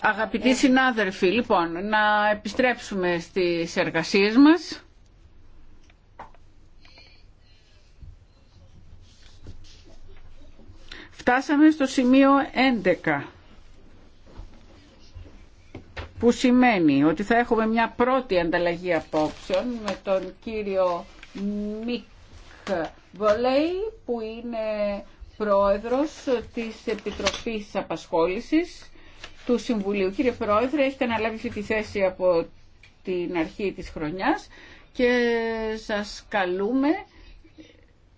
Αγαπητοί συνάδελφοι, λοιπόν, να επιστρέψουμε στις εργασίες μας. Φτάσαμε στο σημείο 11 που σημαίνει ότι θα έχουμε μια πρώτη ανταλλαγή απόψεων με τον κύριο Μικ Βολέη που είναι πρόεδρος της Επιτροπής Απασχόλησης του Συμβουλίου. Κύριε Πρόεδρε, έχετε αναλάβει αυτή τη θέση από την αρχή της χρονιάς και σας καλούμε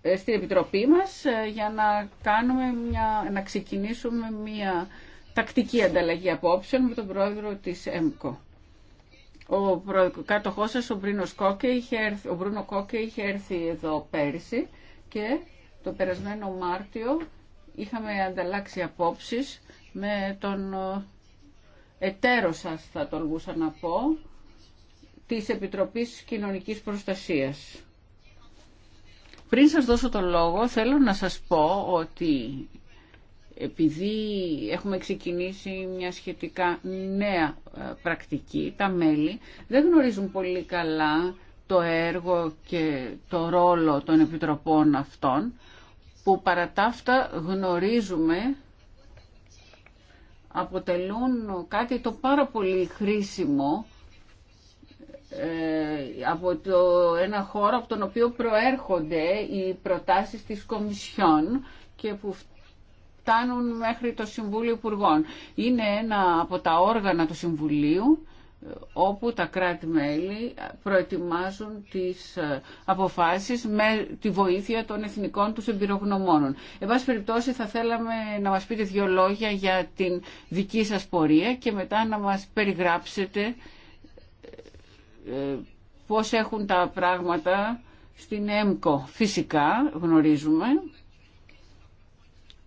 ε, στην Επιτροπή μας ε, για να, κάνουμε μια, να ξεκινήσουμε μια τακτική ανταλλαγή απόψεων με τον πρόεδρο της ΕΜΚΟ. Ο κάτοχός σας, ο Μπρούνο Κόκε, είχε έρθει, ο Μπρούνο Κόκε, είχε εδώ πέρσι και το περασμένο Μάρτιο είχαμε ανταλλάξει απόψεις με τον ε, εταίρο σας, θα τολμούσα να πω, της Επιτροπής Κοινωνικής Προστασίας. Πριν σας δώσω το λόγο, θέλω να σας πω ότι επειδή έχουμε ξεκινήσει μια σχετικά νέα ε, πρακτική, τα μέλη δεν γνωρίζουν πολύ καλά το έργο και το ρόλο των επιτροπών αυτών που παρατάφτα γνωρίζουμε αποτελούν κάτι το πάρα πολύ χρήσιμο ε, από το, ένα χώρο από τον οποίο προέρχονται οι προτάσεις της Κομισιόν και που φτάνουν μέχρι το Συμβούλιο Υπουργών. Είναι ένα από τα όργανα του Συμβουλίου όπου τα κράτη-μέλη προετοιμάζουν τις ε, αποφάσεις με τη βοήθεια των εθνικών τους εμπειρογνωμόνων. Εν πάση περιπτώσει θα θέλαμε να μας πείτε δύο λόγια για την δική σας πορεία και μετά να μας περιγράψετε ε, πώς έχουν τα πράγματα στην ΕΜΚΟ. Φυσικά γνωρίζουμε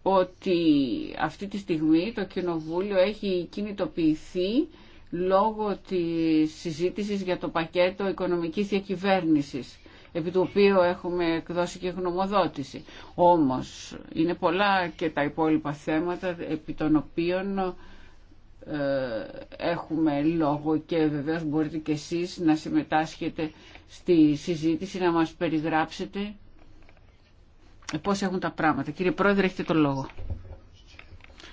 ότι αυτή τη στιγμή το Κοινοβούλιο έχει κινητοποιηθεί λόγω της συζήτησης για το πακέτο οικονομικής διακυβέρνησης επί του οποίου έχουμε εκδώσει και γνωμοδότηση. Όμως είναι πολλά και τα υπόλοιπα θέματα επί των οποίων ε, έχουμε λόγο και βεβαίως μπορείτε και εσείς να συμμετάσχετε στη συζήτηση, να μας περιγράψετε πώς έχουν τα πράγματα. Κύριε Πρόεδρε, έχετε το λόγο.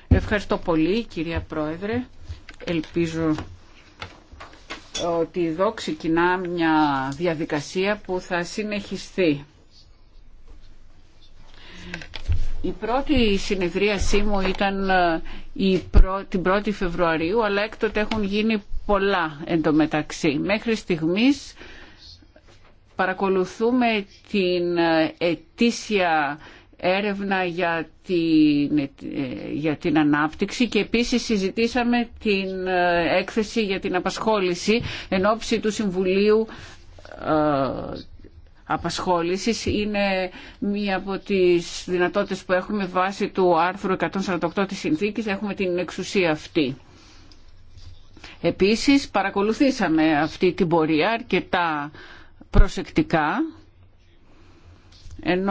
Ευχαριστώ πολύ, κυρία Πρόεδρε. Ελπίζω ότι εδώ ξεκινά μια διαδικασία που θα συνεχιστεί. Η πρώτη συνεδρίασή μου ήταν ε, η την 1η Φεβρουαρίου, αλλά έκτοτε έχουν γίνει πολλά εντωμεταξύ. Μέχρι στιγμής παρακολουθούμε την ε, ετήσια έρευνα για την, ε, για την ανάπτυξη και επίσης συζητήσαμε την ε, έκθεση για την απασχόληση εν του Συμβουλίου ε, απασχόλησης είναι μία από τις δυνατότητες που έχουμε βάσει του άρθρου 148 της συνθήκης έχουμε την εξουσία αυτή. Επίσης παρακολουθήσαμε αυτή την πορεία αρκετά προσεκτικά εν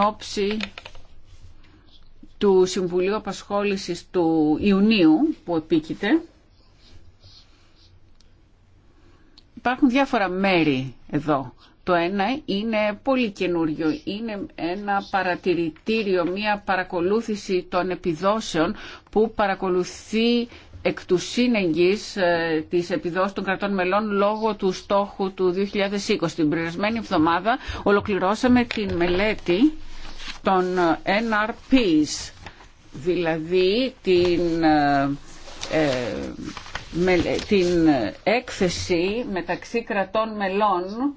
του Συμβουλίου Απασχόλησης του Ιουνίου που επίκειται υπάρχουν διάφορα μέρη εδώ. Το ένα είναι πολύ καινούριο, είναι ένα παρατηρητήριο, μια παρακολούθηση των επιδόσεων που παρακολουθεί εκ του σύνεγγυς ε, της επιδόσης των κρατών μελών λόγω του στόχου του 2020. Την περασμένη εβδομάδα ολοκληρώσαμε την μελέτη των ε, NRPs, δηλαδή την, ε, ε, με, την έκθεση μεταξύ κρατών μελών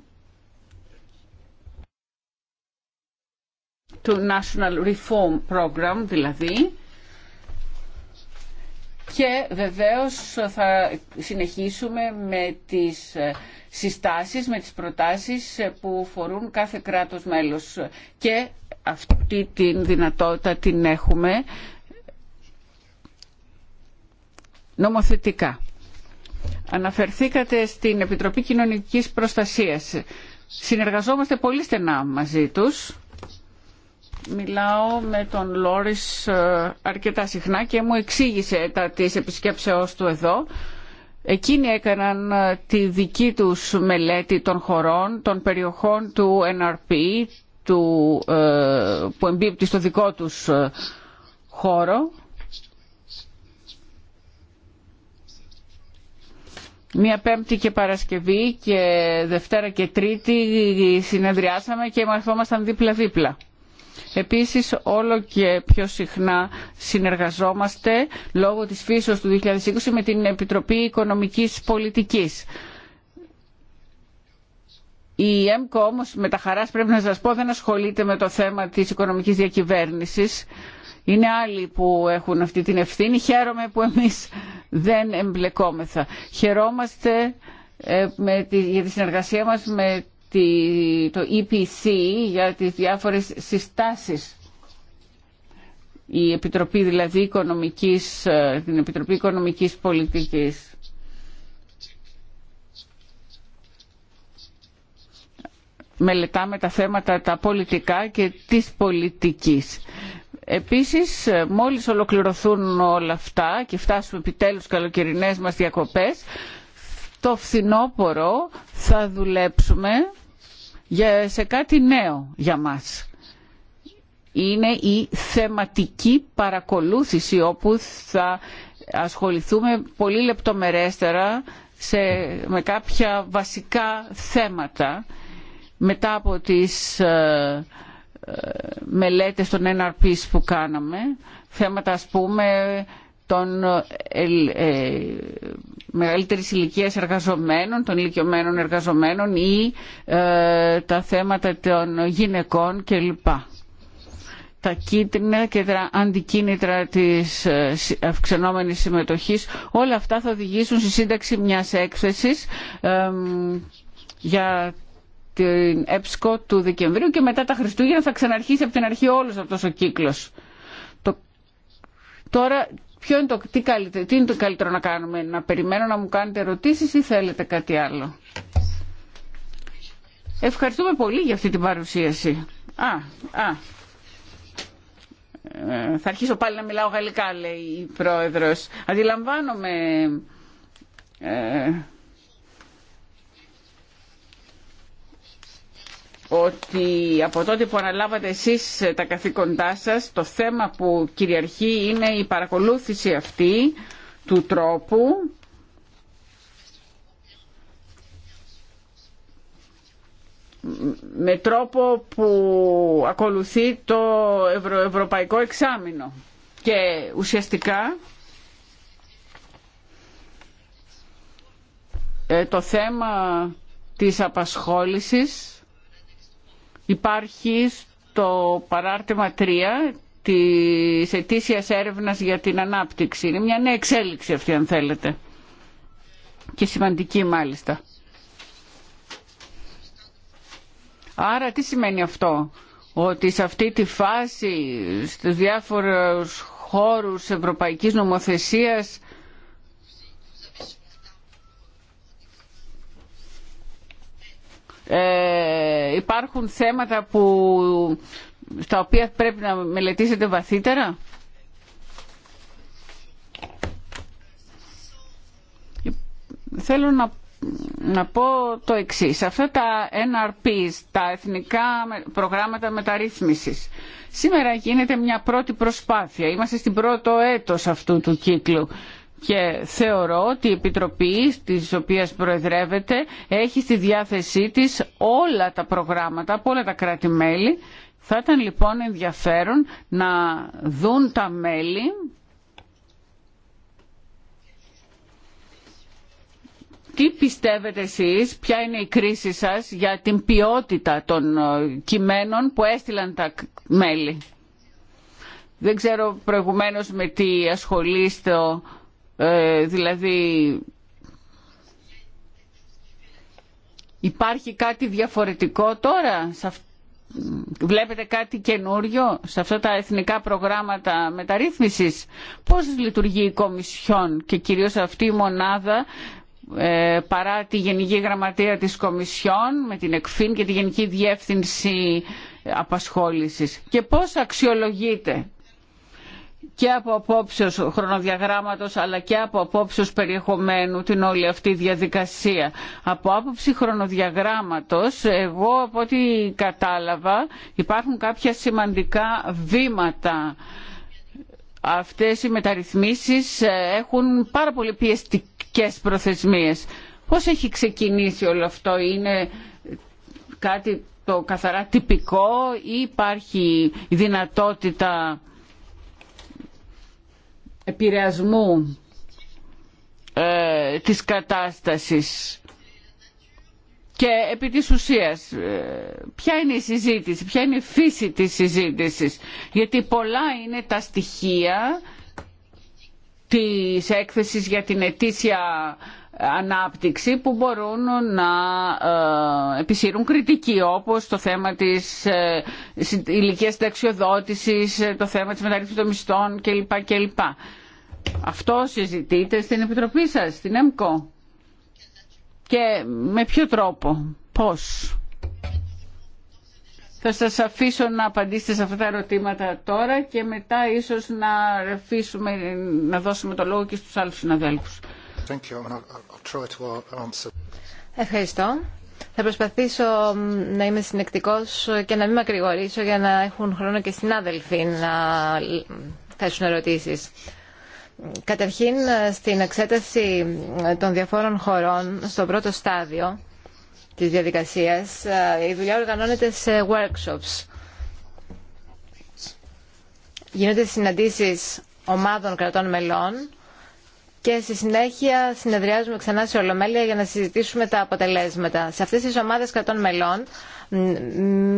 του National Reform Program δηλαδή και βεβαίως θα συνεχίσουμε με τις ε, συστάσεις, με τις προτάσεις που φορούν κάθε κράτος μέλος και αυτή τη δυνατότητα την έχουμε νομοθετικά. Αναφερθήκατε στην Επιτροπή Κοινωνικής Προστασίας. Συνεργαζόμαστε πολύ στενά μαζί τους. Μιλάω με τον Λόρις ε, αρκετά συχνά και μου εξήγησε τα της επισκέψεώς του εδώ. Εκείνοι έκαναν ε, τη δική τους μελέτη των χωρών, των περιοχών του NRP, ε, που εμπίπτει στο δικό τους ε, χώρο. Μία Πέμπτη και Παρασκευή και Δευτέρα και Τρίτη συνεδριάσαμε και μαρθόμασταν δίπλα-δίπλα. Επίσης όλο και πιο συχνά συνεργαζόμαστε λόγω της φύσεως του 2020 με την Επιτροπή Οικονομικής Πολιτικής η ΕΜΚΟ όμως με τα χαράς πρέπει να σας πω δεν ασχολείται με το θέμα της οικονομικής διακυβέρνησης. Είναι άλλοι που έχουν αυτή την ευθύνη. Χαίρομαι που εμείς δεν εμπλεκόμεθα. Χαιρόμαστε ε, με τη, για τη συνεργασία μας με τη, το EPC για τις διάφορες συστάσεις. Η Επιτροπή δηλαδή Οικονομικής, ε, την Επιτροπή Οικονομικής Πολιτικής. μελετάμε τα θέματα τα πολιτικά και της πολιτικής. Επίσης, μόλις ολοκληρωθούν όλα αυτά και φτάσουμε επιτέλους καλοκαιρινές μας διακοπές, το φθινόπωρο θα δουλέψουμε για, σε κάτι νέο για μας. Είναι η θεματική παρακολούθηση όπου θα ασχοληθούμε πολύ λεπτομερέστερα σε, με κάποια βασικά θέματα μετά από τις ε, ε, μελέτες των NRPs που κάναμε, θέματα ας πούμε των ε, μεγαλύτερης ηλικία εργαζομένων, των ηλικιωμένων εργαζομένων ή τα θέματα των γυναικών κλπ. Τα κίτρινα και τα αντικίνητρα της αυξανόμενης συμμετοχής, όλα αυτά θα οδηγήσουν στη σύνταξη μιας έκθεσης για την ΕΠΣΚΟ του Δεκεμβρίου και μετά τα Χριστούγεννα θα ξαναρχίσει από την αρχή όλος αυτός ο κύκλος. Το... Τώρα, ποιο είναι το... Τι, καλύτερο... τι είναι το καλύτερο να κάνουμε, να περιμένω να μου κάνετε ερωτήσεις ή θέλετε κάτι άλλο. Ευχαριστούμε πολύ για αυτή την παρουσίαση. Α, α. Ε, θα αρχίσω πάλι να μιλάω γαλλικά, λέει η Πρόεδρος. Αντιλαμβάνομαι... Ε, ότι από τότε που αναλάβατε εσείς τα καθήκοντά σας το θέμα που κυριαρχεί είναι η παρακολούθηση αυτή του τρόπου με τρόπο που ακολουθεί το ευρωπαϊκό εξάμεινο και ουσιαστικά ε, το θέμα της απασχόλησης υπάρχει στο παράρτημα 3 της ετήσιας έρευνας για την ανάπτυξη. Είναι μια νέα εξέλιξη αυτή αν θέλετε και σημαντική μάλιστα. Άρα τι σημαίνει αυτό, ότι σε αυτή τη φάση στους διάφορους χώρους ευρωπαϊκής νομοθεσίας ε, υπάρχουν θέματα που, στα οποία πρέπει να μελετήσετε βαθύτερα. Θέλω να, να πω το εξής. Αυτά τα NRPs, τα εθνικά προγράμματα μεταρρύθμισης, σήμερα γίνεται μια πρώτη προσπάθεια. Είμαστε στην πρώτο έτος αυτού του κύκλου και θεωρώ ότι η Επιτροπή της οποίας προεδρεύεται έχει στη διάθεσή της όλα τα προγράμματα από όλα τα κράτη-μέλη. Θα ήταν λοιπόν ενδιαφέρον να δουν τα μέλη τι πιστεύετε εσείς, ποια είναι η κρίση σας για την ποιότητα των ε, κειμένων που έστειλαν τα μέλη. Δεν ξέρω προηγουμένως με τι ασχολείστε ε, δηλαδή υπάρχει κάτι διαφορετικό τώρα, βλέπετε κάτι καινούριο σε αυτά τα εθνικά προγράμματα μεταρρύθμισης. Πώς λειτουργεί η Κομισιόν και κυρίως αυτή η μονάδα ε, παρά τη Γενική Γραμματεία της Κομισιόν με την ΕΚΦΗΝ και τη Γενική Διεύθυνση Απασχόλησης και πώς αξιολογείται και από απόψεως χρονοδιαγράμματος αλλά και από απόψεως περιεχομένου την όλη αυτή διαδικασία. Από άποψη χρονοδιαγράμματος εγώ από ό,τι κατάλαβα υπάρχουν κάποια σημαντικά βήματα. Αυτές οι μεταρρυθμίσεις ε, έχουν πάρα πολύ πιεστικές προθεσμίες. Πώς έχει ξεκινήσει όλο αυτό, είναι κάτι το καθαρά τυπικό ή υπάρχει δυνατότητα επηρεασμού ε, της κατάστασης και επί της ουσίας ε, ποια είναι η συζήτηση, ποια είναι η φύση της συζήτησης γιατί πολλά είναι τα στοιχεία της έκθεσης για την ετήσια ανάπτυξη που μπορούν να ε, επισύρουν κριτική όπως το θέμα της ε, ηλικίας συνταξιοδότησης, ε, το θέμα της μεταρρύθμισης των μισθών κλπ. κλπ. Αυτό συζητείτε στην Επιτροπή σας, στην ΕΜΚΟ. Και με ποιο τρόπο, πώς. Θα σας αφήσω να απαντήσετε σε αυτά τα ερωτήματα τώρα και μετά ίσως να, αφήσουμε, να δώσουμε το λόγο και στους άλλους συναδέλφους. Uh, Ευχαριστώ. Θα προσπαθήσω να είμαι συνεκτικός και να μην μακρηγορήσω για να έχουν χρόνο και συνάδελφοι να θέσουν ερωτήσεις. Καταρχήν, στην εξέταση ε, των διαφόρων χωρών, στο πρώτο στάδιο της διαδικασίας, ε, η δουλειά οργανώνεται σε workshops. Γίνονται συναντήσεις ομάδων κρατών μελών και στη συνέχεια συνεδριάζουμε ξανά σε Ολομέλεια για να συζητήσουμε τα αποτελέσματα. Σε αυτές τις ομάδες κρατών μελών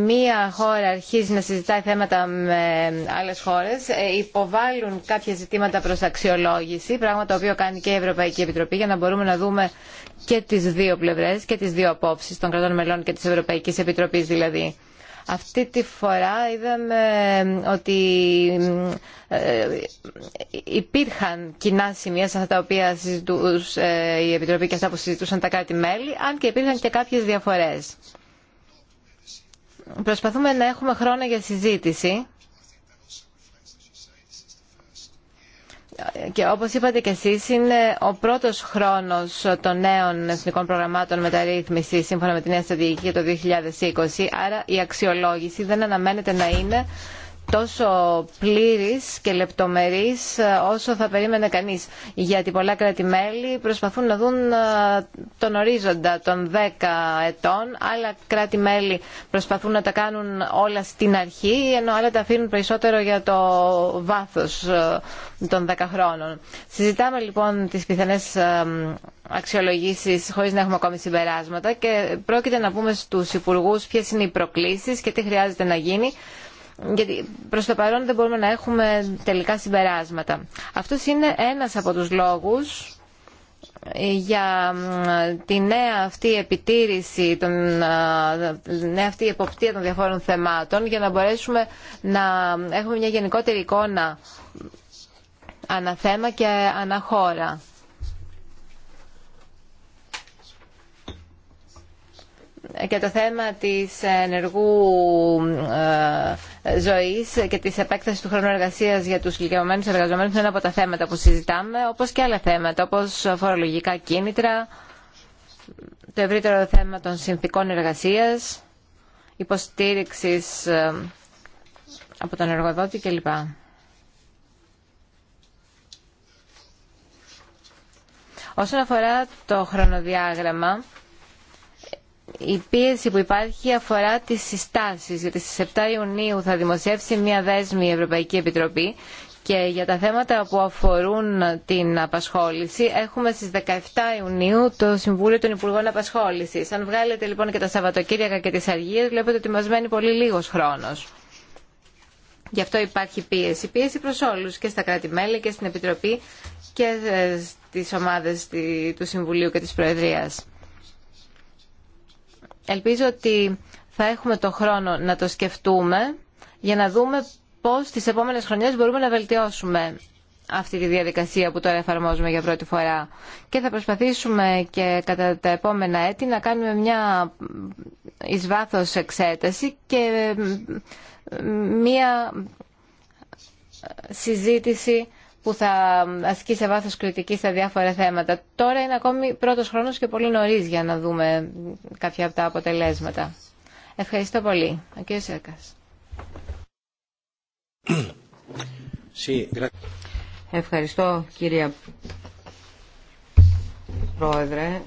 μία χώρα αρχίζει να συζητάει θέματα με άλλες χώρες, ε, υποβάλλουν κάποια ζητήματα προς αξιολόγηση, πράγμα το οποίο κάνει και η Ευρωπαϊκή Επιτροπή για να μπορούμε να δούμε και τις δύο πλευρές και τις δύο απόψεις των κρατών μελών και της Ευρωπαϊκής Επιτροπής δηλαδή. Αυτή τη φορά είδαμε ότι ε, υπήρχαν κοινά σημεία σε αυτά τα οποία συζητούσε η Επιτροπή και αυτά που συζητούσαν τα κράτη-μέλη, αν και υπήρχαν και κάποιες διαφορές. Προσπαθούμε να έχουμε χρόνο για συζήτηση και όπως είπατε και εσείς είναι ο πρώτος χρόνος των νέων εθνικών προγραμμάτων μεταρρύθμισης σύμφωνα με τη νέα στρατηγική για το 2020 άρα η αξιολόγηση δεν αναμένεται να είναι τόσο πλήρης και λεπτομερής ε, όσο θα περίμενε κανείς. Γιατί πολλά κράτη-μέλη προσπαθούν να δουν ε, τον ορίζοντα των 10 ετών, άλλα κράτη-μέλη προσπαθούν να τα κάνουν όλα στην αρχή, ενώ άλλα τα αφήνουν περισσότερο για το βάθος ε, των 10 χρόνων. Συζητάμε λοιπόν τις πιθανές αξιολογήσεις χωρίς να έχουμε ακόμη συμπεράσματα και πρόκειται να πούμε στους υπουργούς ποιες είναι οι προκλήσεις και τι χρειάζεται να γίνει γιατί προς το παρόν δεν μπορούμε να έχουμε τελικά συμπεράσματα. αυτό είναι ένας από τους λόγους ε, για τη νέα αυτή επιτήρηση, τον, νέα αυτή εποπτεία των διαφόρων θεμάτων για να μπορέσουμε να έχουμε μια γενικότερη εικόνα αναθέμα και αναχώρα. Ε, και το θέμα της ενεργού ε, ζωής και τη επέκταση του χρόνου εργασία για του ηλικιωμένου εργαζομένου, είναι ένα από τα θέματα που συζητάμε, όπω και άλλα θέματα, όπω φορολογικά κίνητρα, το ευρύτερο θέμα των συνθήκων εργασία, υποστήριξη ε, από τον εργοδότη κλπ. Όσον αφορά το χρονοδιάγραμμα, η πίεση που υπάρχει αφορά τις συστάσεις, γιατί στις 7 Ιουνίου θα δημοσιεύσει μια δέσμη η Ευρωπαϊκή Επιτροπή και για τα θέματα που αφορούν την απασχόληση έχουμε στις 17 Ιουνίου το Συμβούλιο των Υπουργών Απασχόλησης. Αν βγάλετε λοιπόν και τα Σαββατοκύριακα και τις Αργίες βλέπετε ότι μας μένει πολύ λίγος χρόνος. Γι' αυτό υπάρχει πίεση. Πίεση προς όλους και στα κράτη-μέλη και στην Επιτροπή και ε, στις ομάδες του Συμβουλίου και της Προεδρίας. Ελπίζω ότι θα έχουμε το χρόνο να το σκεφτούμε για να δούμε πώς τις επόμενες χρονιές μπορούμε να βελτιώσουμε αυτή τη διαδικασία που τώρα εφαρμόζουμε για πρώτη φορά. Και θα προσπαθήσουμε και κατά τα επόμενα έτη να κάνουμε μια εις βάθος εξέταση και μια συζήτηση που θα ασκεί σε βάθος κριτική στα διάφορα θέματα. Τώρα είναι ακόμη πρώτος χρόνος και πολύ νωρίς για να δούμε κάποια από τα αποτελέσματα. Ευχαριστώ πολύ. Ο κ. Ευχαριστώ κύρια Πρόεδρε.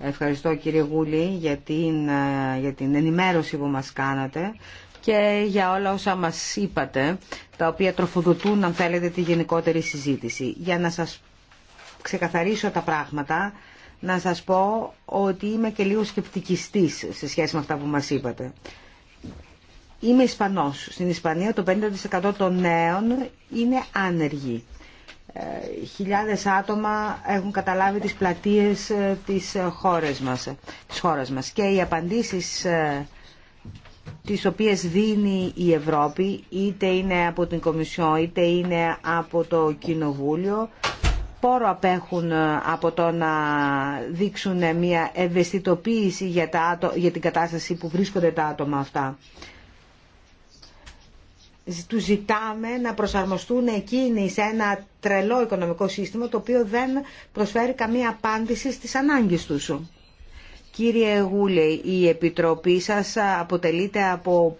Ευχαριστώ κύριε Γούλη για την, ε, για την ενημέρωση που μας κάνατε και για όλα όσα μας είπατε, τα οποία τροφοδοτούν, αν θέλετε, τη γενικότερη συζήτηση. Για να σας ξεκαθαρίσω τα πράγματα, να σας πω ότι είμαι και λίγο σκεπτικιστής σε σχέση με αυτά που μας είπατε. Είμαι Ισπανός. Στην Ισπανία το 50% των νέων είναι άνεργοι. Ε, χιλιάδες άτομα έχουν καταλάβει τις πλατείες ε, ε, της χώρας μας. μας. Και οι τις οποίες δίνει η Ευρώπη, είτε είναι από την Κομισιό, είτε είναι από το Κοινοβούλιο, πόρο απέχουν ε, από το να δείξουν μια ευαισθητοποίηση για, τα, για την κατάσταση που βρίσκονται τα άτομα αυτά. Του ζητάμε να προσαρμοστούν εκείνοι σε ένα τρελό οικονομικό σύστημα το οποίο δεν προσφέρει καμία απάντηση στις ανάγκες τους. Κύριε Γούλε, η Επιτροπή σας αποτελείται από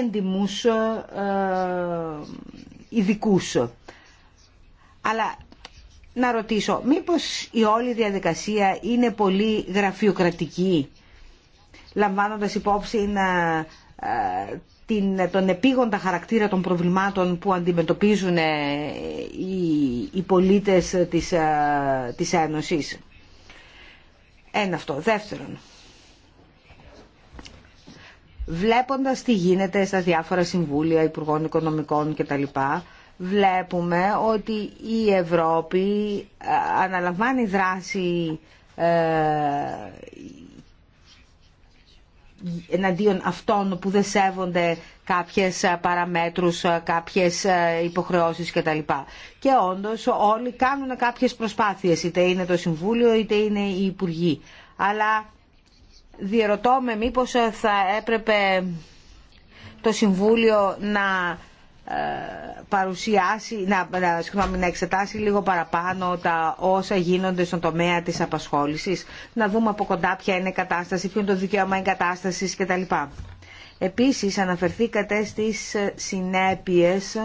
έντιμους ε, ε, ειδικού. Αλλά να ρωτήσω, μήπως η όλη διαδικασία είναι πολύ γραφειοκρατική, λαμβάνοντας υπόψη ε, την, τον επίγοντα χαρακτήρα των προβλημάτων που αντιμετωπίζουν οι, οι πολίτες της, της Ένωσης. Ένα αυτό. Δεύτερον, βλέποντας τι γίνεται στα διάφορα συμβούλια Υπουργών Οικονομικών κτλ, βλέπουμε ότι η Ευρώπη ε, αναλαμβάνει δράση ε, εναντίον αυτών που δεν σέβονται κάποιες ε, παραμέτρους, ε, κάποιες ε, υποχρεώσεις κτλ. Και όντως όλοι κάνουν κάποιες προσπάθειες, είτε είναι το Συμβούλιο είτε είναι οι Υπουργοί. Αλλά διερωτώ με μήπως θα έπρεπε το Συμβούλιο να παρουσιάσει, να, να, να εξετάσει λίγο παραπάνω τα όσα γίνονται στον τομέα της απασχόλησης, να δούμε από κοντά ποια είναι η κατάσταση, ποιο είναι το δικαίωμα εγκατάστασης κτλ. Επίσης αναφερθήκατε στις συνέπειες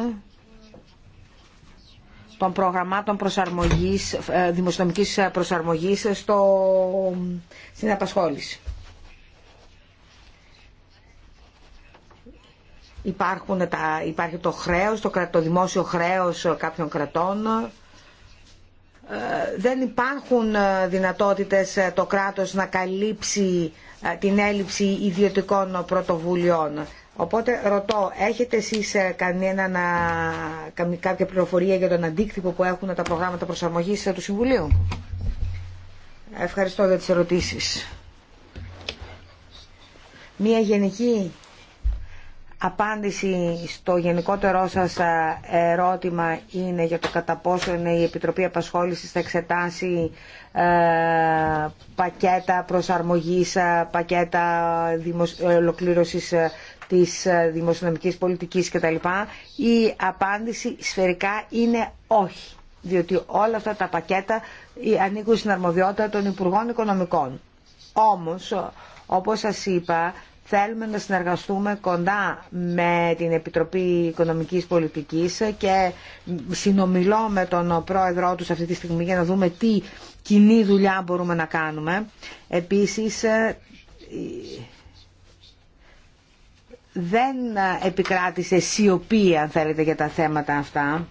των προγραμμάτων προσαρμογής, ε, δημοσιονομικής προσαρμογής στο, στην απασχόληση. Υπάρχουν τα, υπάρχει το χρέος, το, το δημόσιο χρέος κάποιων κρατών. Ε, δεν υπάρχουν ε, δυνατότητες ε, το κράτος να καλύψει την έλλειψη ιδιωτικών πρωτοβουλειών. Οπότε ρωτώ, έχετε εσείς κανένα, κάποια πληροφορία για τον αντίκτυπο που έχουν τα προγράμματα προσαρμογής του Συμβουλίου. Ευχαριστώ για τις ερωτήσεις. Μία γενική απάντηση στο γενικότερό σας ε, ερώτημα είναι για το κατά πόσο η Επιτροπή Απασχόλησης θα εξετάσει ε, πακέτα προσαρμογής, ε, πακέτα δημοσ... ολοκλήρωσης της δημοσιονομικής πολιτικής κτλ. Η απάντηση σφαιρικά είναι όχι, διότι όλα αυτά τα πακέτα ανήκουν στην αρμοδιότητα των Υπουργών Οικονομικών. Όμως, όπως σας είπα, θέλουμε να συνεργαστούμε κοντά με την Επιτροπή Οικονομικής Πολιτικής και συνομιλώ με τον πρόεδρό τους αυτή τη στιγμή για να δούμε τι κοινή δουλειά μπορούμε να κάνουμε. Επίσης, δεν επικράτησε σιωπή, αν θέλετε, για τα θέματα αυτά.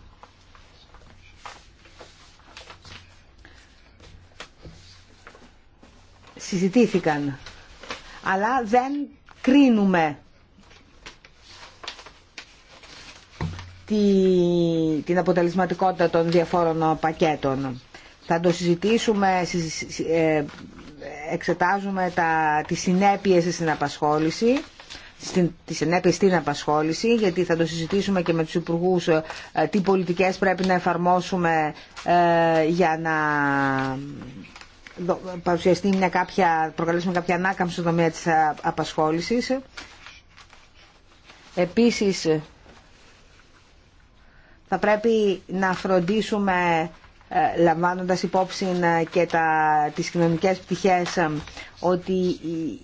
Συζητήθηκαν αλλά δεν κρίνουμε την αποτελεσματικότητα των διαφόρων πακέτων. Θα το συζητήσουμε, ε, εξετάζουμε τα, τις συνέπειες στην απασχόληση στην, τις συνέπειες στην απασχόληση, γιατί θα το συζητήσουμε και με τους υπουργούς ε, τι πολιτικές πρέπει να εφαρμόσουμε ε, για να παρουσιαστεί μια κάποια, προκαλέσουμε κάποια ανάκαμψη στον τομέα της απασχόλησης. Επίσης, θα πρέπει να φροντίσουμε ε, λαμβάνοντας υπόψη ε, και τα, τις κοινωνικές πτυχές ε, ότι οι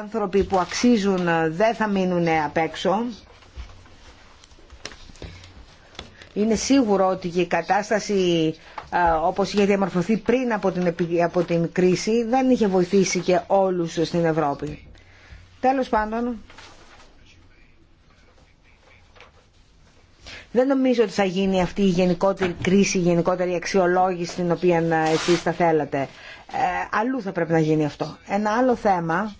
άνθρωποι που αξίζουν δεν θα μείνουν απ' έξω είναι σίγουρο ότι η κατάσταση όπως είχε διαμορφωθεί πριν από την, από την κρίση δεν είχε βοηθήσει και όλους στην Ευρώπη. Τέλος πάντων, δεν νομίζω ότι θα γίνει αυτή η γενικότερη κρίση, η γενικότερη αξιολόγηση την οποία ε, εσείς θα θέλατε. Ε, αλλού θα πρέπει να γίνει αυτό. Ένα άλλο θέμα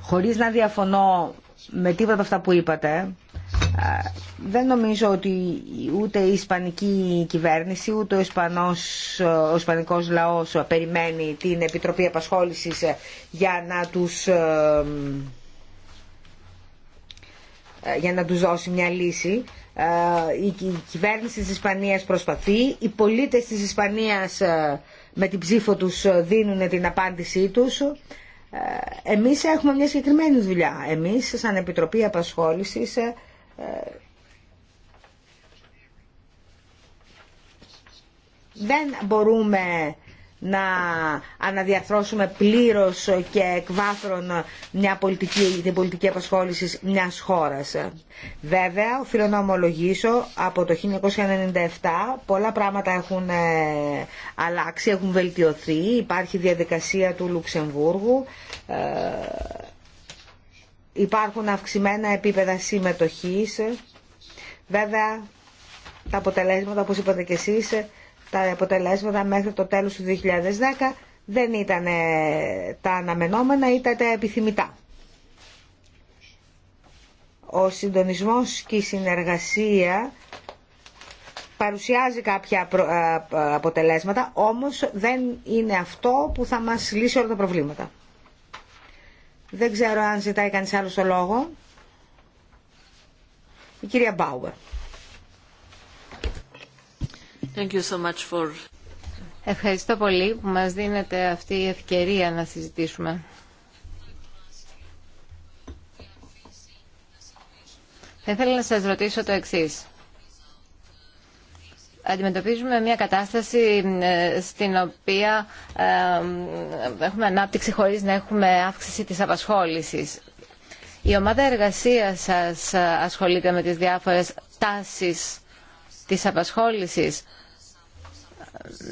χωρίς να διαφωνώ με τίποτα από αυτά που είπατε. Ε, δεν νομίζω ότι ούτε η Ισπανική κυβέρνηση, ούτε ο, Ισπανός, ε, ο Ισπανικός λαός περιμένει την Επιτροπή Απασχόλησης ε, για να τους, για να τους δώσει μια λύση. Η κυβέρνηση της Ισπανίας προσπαθεί, οι πολίτες της Ισπανίας με την ψήφο τους δίνουν την απάντησή τους ε, εμείς έχουμε μια συγκεκριμένη δουλειά. Εμείς σαν Επιτροπή Απασχόλησης ε, ε, δεν μπορούμε να αναδιαρθρώσουμε πλήρως και εκ βάθρων μια πολιτική, την πολιτική απασχόληση μιας χώρας. Βέβαια, οφείλω να ομολογήσω, από το 1997 πολλά πράγματα έχουν ε, αλλάξει, έχουν βελτιωθεί, υπάρχει διαδικασία του Λουξεμβούργου, ε, υπάρχουν αυξημένα επίπεδα συμμετοχής, βέβαια τα αποτελέσματα, όπως είπατε και εσείς, τα αποτελέσματα μέχρι το τέλος του 2010 δεν ήταν ε, τα αναμενόμενα, ήταν τα επιθυμητά. Ο συντονισμός και η συνεργασία παρουσιάζει κάποια αποτελέσματα, όμως δεν είναι αυτό που θα μας λύσει όλα τα προβλήματα. Δεν ξέρω αν ζητάει κανείς άλλο το λόγο. Η κυρία Μπάουερ. Ευχαριστώ πολύ που μας δίνετε αυτή η ευκαιρία να συζητήσουμε. Θα ήθελα να σας ρωτήσω το εξής. Αντιμετωπίζουμε μια κατάσταση ε, στην οποία ε, έχουμε ανάπτυξη χωρίς να έχουμε αύξηση της απασχόλησης. Η ομάδα εργασίας σας ε, ασχολείται με τις διάφορες τάσεις της απασχόλησης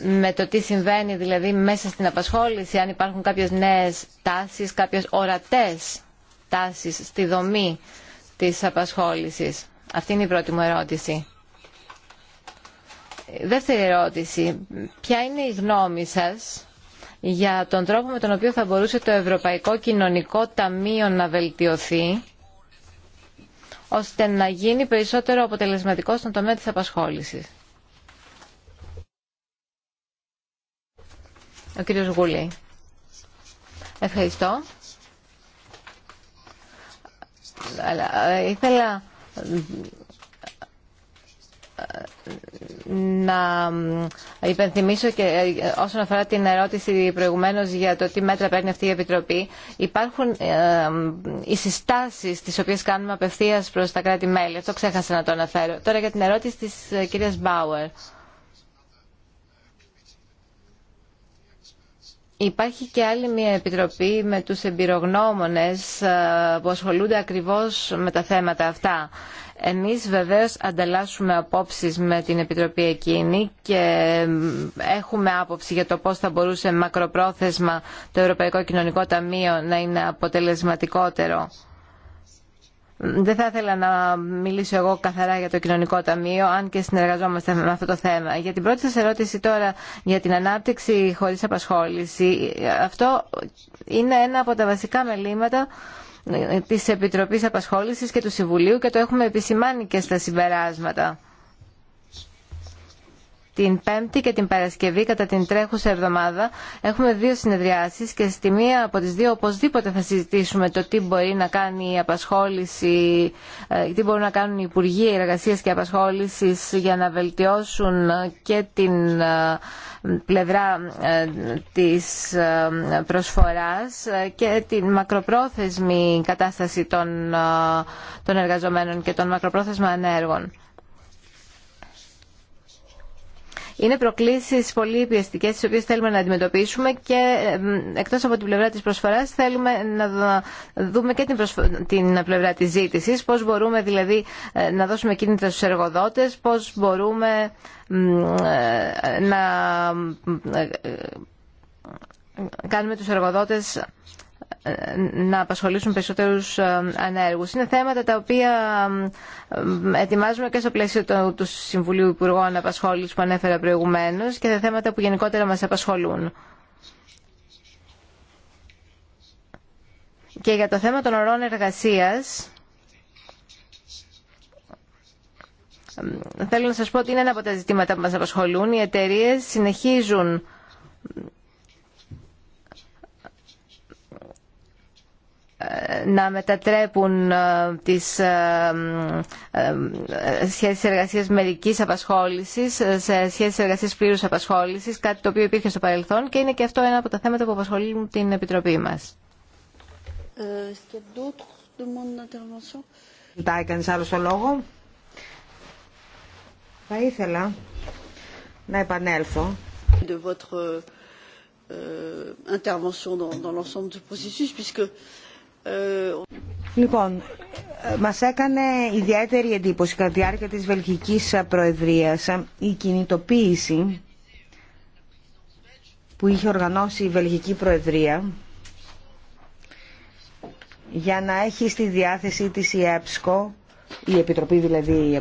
με το τι συμβαίνει δηλαδή μέσα στην απασχόληση, αν υπάρχουν κάποιες νέες τάσεις, κάποιες ορατές τάσεις στη δομή της απασχόλησης. Αυτή είναι η πρώτη μου ερώτηση. Δεύτερη ερώτηση. Ποια είναι η γνώμη σας για τον τρόπο με τον οποίο θα μπορούσε το Ευρωπαϊκό Κοινωνικό Ταμείο να βελτιωθεί ώστε να γίνει περισσότερο αποτελεσματικό στον τομέα της απασχόλησης. Ο κύριος Γουλή. Ευχαριστώ. Αλλά ε, ήθελα να υπενθυμίσω και ε, όσον αφορά την ερώτηση προηγουμένως για το τι μέτρα παίρνει αυτή η Επιτροπή υπάρχουν ε, οι συστάσεις τις οποίες κάνουμε απευθείας προς τα κράτη-μέλη αυτό ξέχασα να το αναφέρω τώρα για την ερώτηση της ε, κυρίας Μπάουερ Υπάρχει και άλλη μια επιτροπή με τους εμπειρογνώμονες που ασχολούνται ακριβώς με τα θέματα αυτά. Εμείς βεβαίως ανταλλάσσουμε απόψεις με την Επιτροπή εκείνη και έχουμε άποψη για το πώς θα μπορούσε μακροπρόθεσμα το Ευρωπαϊκό Κοινωνικό Ταμείο να είναι αποτελεσματικότερο. Δεν θα ήθελα να μιλήσω εγώ καθαρά για το κοινωνικό ταμείο, αν και συνεργαζόμαστε με αυτό το θέμα. Για την πρώτη σας ερώτηση τώρα για την ανάπτυξη χωρίς απασχόληση, αυτό είναι ένα από τα βασικά μελήματα της Επιτροπής Απασχόλησης και του Συμβουλίου και το έχουμε επισημάνει και στα συμπεράσματα. Την Πέμπτη και την Παρασκευή κατά την τρέχουσα εβδομάδα έχουμε δύο συνεδριάσεις και στη μία από τις δύο οπωσδήποτε θα συζητήσουμε το τι μπορεί να κάνει η απασχόληση, ε, τι μπορούν να κάνουν οι Υπουργοί Εργασίας και Απασχόλησης για να βελτιώσουν και την ε, πλευρά ε, της ε, προσφοράς και την μακροπρόθεσμη κατάσταση των, ε, των εργαζομένων και των μακροπρόθεσμα ανέργων. Είναι προκλήσεις πολύ πιεστικέ, τις οποίες θέλουμε να αντιμετωπίσουμε και εκτός από την πλευρά της προσφοράς θέλουμε να δούμε και την, την πλευρά της ζήτησης, πώς μπορούμε δηλαδή ε, να δώσουμε κίνητρα στους εργοδότες, πώς μπορούμε ε, να ε, κάνουμε τους εργοδότες να απασχολήσουν περισσότερους ε, ανέργους. Είναι θέματα τα οποία ε, ετοιμάζουμε και στο πλαίσιο του Συμβουλίου Υπουργών Απασχόλησης που ανέφερα προηγουμένως και τα θέματα που γενικότερα μας απασχολούν. Και για το θέμα των ορών εργασίας, ε, θέλω να σας πω ότι είναι ένα από τα ζητήματα που μας απασχολούν. Οι εταιρείες συνεχίζουν να μετατρέπουν ε, τις ε, ε, σχέσεις εργασίας μερικής απασχόλησης σε σχέσεις εργασίας πλήρους απασχόλησης, κάτι το οποίο υπήρχε στο παρελθόν και είναι και αυτό ένα από τα θέματα που απασχολούν την Επιτροπή μας. Ζητάει κανείς άλλο το λόγο. Θα ήθελα να επανέλθω de votre intervention dans l'ensemble Λοιπόν, μα έκανε ιδιαίτερη εντύπωση κατά τη διάρκεια της Βελγική προεδρία η κινητοποίηση που είχε οργανώσει η Βελγική Προεδρία για να έχει στη διάθεση της η ΕΠΣΚΟ, η Επιτροπή δηλαδή, η,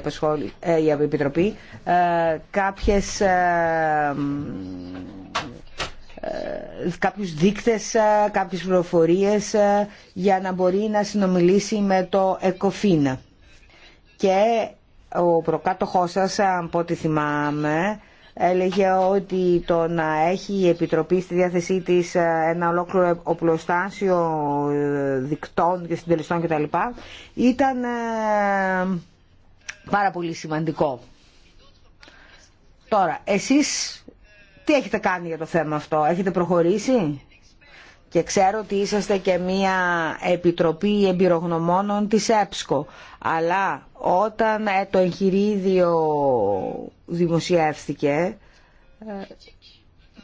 ε, Επιτροπή, ε, κάποιες ε, ε, κάποιους δείκτες, ε, κάποιες πληροφορίες ε, για να μπορεί να συνομιλήσει με το ΕΚΟΦΗΝ. Και ο προκάτοχός σας, από ό,τι θυμάμαι, έλεγε ότι το να έχει η Επιτροπή στη διάθεσή της ένα ολόκληρο οπλοστάσιο δικτών και συντελεστών κτλ. ήταν πάρα πολύ σημαντικό. Τώρα, εσείς τι έχετε κάνει για το θέμα αυτό, έχετε προχωρήσει και ξέρω ότι είσαστε και μία επιτροπή εμπειρογνωμόνων της ΕΠΣΚΟ. Αλλά όταν ε, το εγχειρίδιο δημοσιεύθηκε, ε,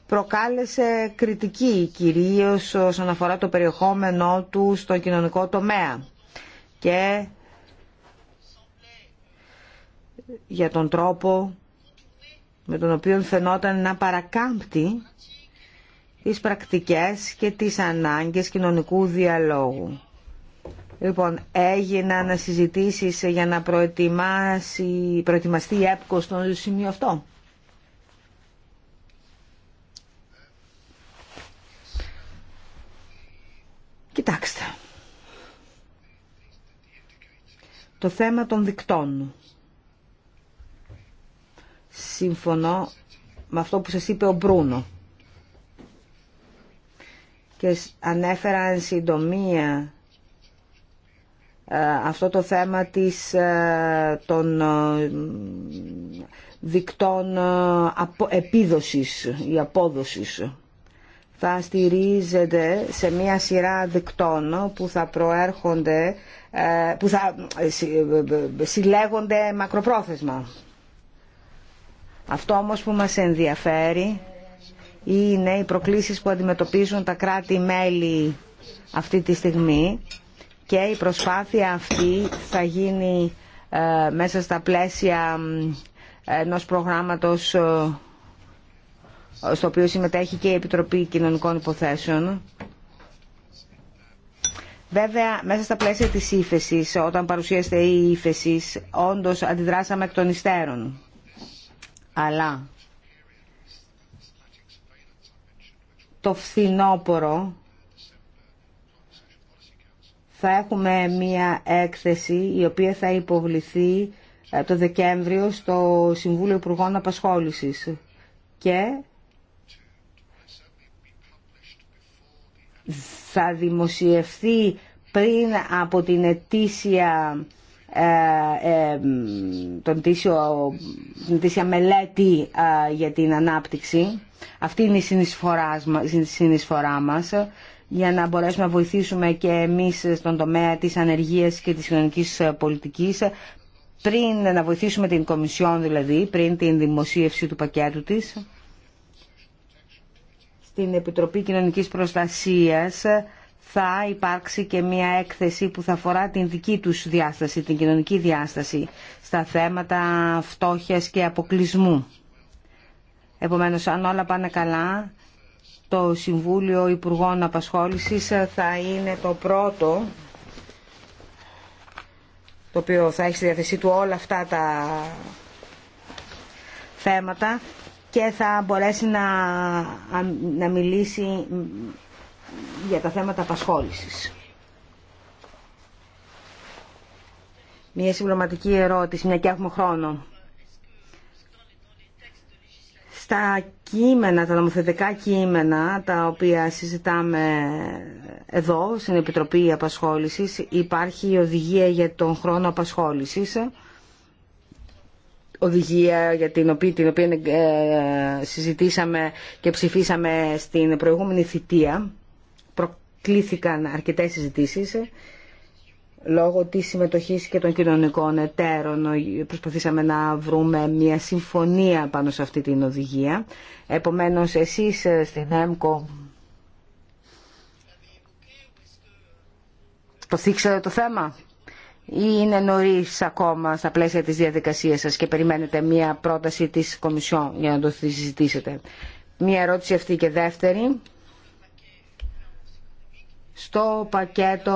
προκάλεσε κριτική, κυρίως όσον αφορά το περιεχόμενό του στο κοινωνικό τομέα. Και για τον τρόπο με τον οποίο φαινόταν να παρακάμπτει τις πρακτικές και τις ανάγκες κοινωνικού διαλόγου. Λοιπόν, να συζητήσεις για να προετοιμάσει, προετοιμαστεί η ΕΠΚΟ στο σημείο αυτό. Κοιτάξτε. Το θέμα των δικτών συμφωνώ με αυτό που σας είπε ο Μπρούνο και ανέφερα εν συντομία ε, αυτό το θέμα της, ε, των ε, δικτών επίδοσης ή απόδοσης. Θα στηρίζεται σε μία σειρά δικτών που θα προέρχονται, που θα συλλέγονται μακροπρόθεσμα. Αυτό όμως που μας ενδιαφέρει είναι οι προκλήσεις που αντιμετωπίζουν τα κράτη-μέλη αυτή τη στιγμή και η προσπάθεια αυτή θα γίνει ε, μέσα στα πλαίσια ενός προγράμματος ε, στο οποίο συμμετέχει και η Επιτροπή Κοινωνικών Υποθέσεων. Βέβαια, μέσα στα πλαίσια της ύφεσης, όταν παρουσίασε η ύφεση, όντως αντιδράσαμε εκ των υστέρων αλλά το φθινόπωρο θα έχουμε μία έκθεση η οποία θα υποβληθεί ε, το Δεκέμβριο στο Συμβούλιο Υπουργών Απασχόλησης και θα δημοσιευθεί πριν από την ετήσια ε, ε, τον τίσιο την τήσια μελέτη ε, για την ανάπτυξη. Αυτή είναι η συνεισφορά, η μας για να μπορέσουμε να βοηθήσουμε και εμείς στον τομέα της ανεργίας και της κοινωνικής πολιτικής πριν να βοηθήσουμε την Κομισιόν δηλαδή, πριν την δημοσίευση του πακέτου της στην Επιτροπή Κοινωνικής Προστασίας θα υπάρξει και μια έκθεση που θα αφορά την δική τους διάσταση, την κοινωνική διάσταση στα θέματα φτώχειας και αποκλεισμού. Επομένως, αν όλα πάνε καλά, το Συμβούλιο Υπουργών Απασχόλησης θα είναι το πρώτο το οποίο θα έχει στη διάθεσή του όλα αυτά τα θέματα και θα μπορέσει να, να μιλήσει για τα θέματα απασχόλησης. Μια συμπληρωματική ερώτηση, μια και έχουμε χρόνο. Στα κείμενα, τα νομοθετικά κείμενα, τα οποία συζητάμε εδώ, στην Επιτροπή Απασχόλησης, υπάρχει η οδηγία για τον χρόνο απασχόλησης, οδηγία για την οποία, την οποία ε, συζητήσαμε και ψηφίσαμε στην προηγούμενη θητεία κλήθηκαν αρκετές συζητήσεις ε, λόγω της συμμετοχής και των κοινωνικών εταίρων προσπαθήσαμε να βρούμε μια συμφωνία πάνω σε αυτή την οδηγία. Επομένως εσείς ε, στην ΕΜΚΟ το θίξατε το θέμα ή είναι νωρίς ακόμα στα πλαίσια της διαδικασίας σας και περιμένετε μια πρόταση της Κομισιόν για να το συζητήσετε. Μια ερώτηση αυτή και δεύτερη. Στο πακέτο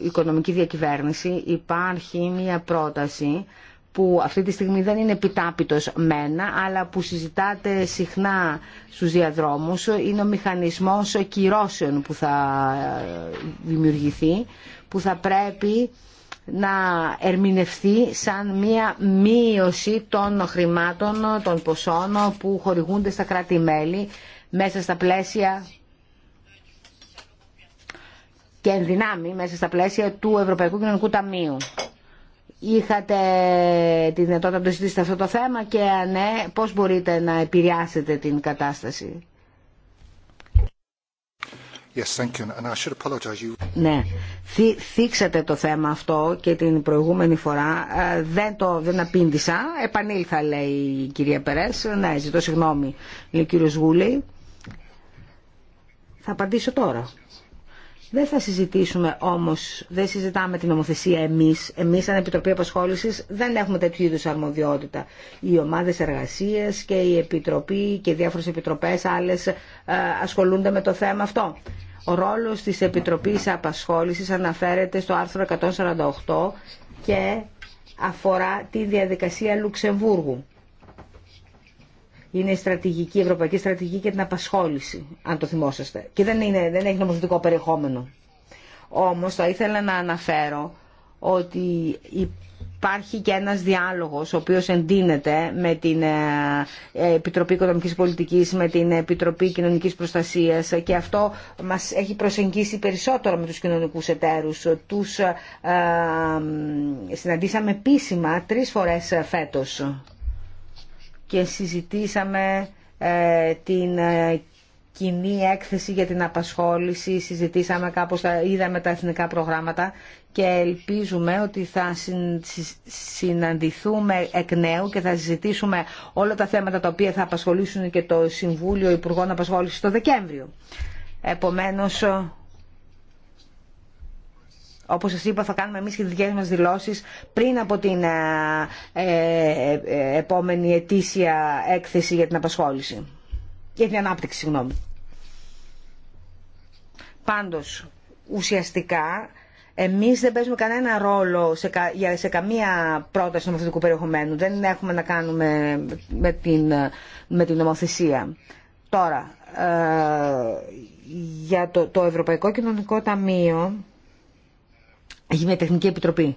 οικονομική διακυβέρνηση υπάρχει μια πρόταση που αυτή τη στιγμή δεν είναι επιτάπητος μένα, αλλά που συζητάτε συχνά στους διαδρόμους, είναι ο μηχανισμός κυρώσεων που θα ε, δημιουργηθεί, που θα πρέπει να ερμηνευθεί σαν μία μείωση των χρημάτων, των ποσών που χορηγούνται στα κράτη-μέλη μέσα στα πλαίσια και ενδυνάμει μέσα στα πλαίσια του Ευρωπαϊκού Κοινωνικού Ταμείου. Είχατε τη δυνατότητα να το συζητήσετε αυτό το θέμα και αν ναι, πώς μπορείτε να επηρεάσετε την κατάσταση. Yes, And I should apologize you. Ναι, θίξατε το θέμα αυτό και την προηγούμενη φορά ε, δεν το δεν απήντησα. Επανήλθα, λέει η κυρία Περές. Ναι, ζητώ συγγνώμη, λέει ο κύριος Γούλη. Θα απαντήσω τώρα. Δεν θα συζητήσουμε όμως, δεν συζητάμε την νομοθεσία εμείς. Εμείς σαν Επιτροπή Απασχόλησης δεν έχουμε τέτοιου είδου αρμοδιότητα. Οι ομάδε εργασία και η Επιτροπή και διάφορες επιτροπές άλλες ε, ασχολούνται με το θέμα αυτό. Ο ρόλος της Επιτροπής Απασχόλησης αναφέρεται στο άρθρο 148 και αφορά τη διαδικασία Λουξεμβούργου. Είναι η στρατηγική, η ευρωπαϊκή στρατηγική για την απασχόληση, αν το θυμόσαστε. Και δεν, είναι, δεν έχει νομοθετικό περιεχόμενο. Όμως θα ήθελα να αναφέρω ότι υπάρχει και ένας διάλογος ο οποίος εντείνεται με την ε, Επιτροπή Οικονομικής Πολιτικής, με την Επιτροπή Κοινωνικής Προστασίας και αυτό μας έχει προσεγγίσει περισσότερο με τους κοινωνικούς εταίρους. Τους ε, ε, συναντήσαμε επίσημα τρεις φορές φέτος και συζητήσαμε ε, την ε, κοινή έκθεση για την απασχόληση, συζητήσαμε κάπως, είδαμε τα εθνικά προγράμματα και ελπίζουμε ότι θα συναντηθούμε εκ νέου και θα συζητήσουμε όλα τα θέματα τα οποία θα απασχολήσουν και το Συμβούλιο Υπουργών Απασχόλησης το Δεκέμβριο. Επομένως, όπως σας είπα θα κάνουμε εμείς και τις δικές μας δηλώσεις πριν από την ε, ε, ε, επόμενη ετήσια έκθεση για την απασχόληση. Για την ανάπτυξη, συγγνώμη. Πάντως, ουσιαστικά, εμείς δεν παίζουμε κανένα ρόλο σε, σε καμία πρόταση νομοθετικού περιεχομένου. Δεν έχουμε να κάνουμε με την, με την νομοθεσία. Τώρα, ε, για το, το Ευρωπαϊκό Κοινωνικό Ταμείο έχει μια τεχνική επιτροπή.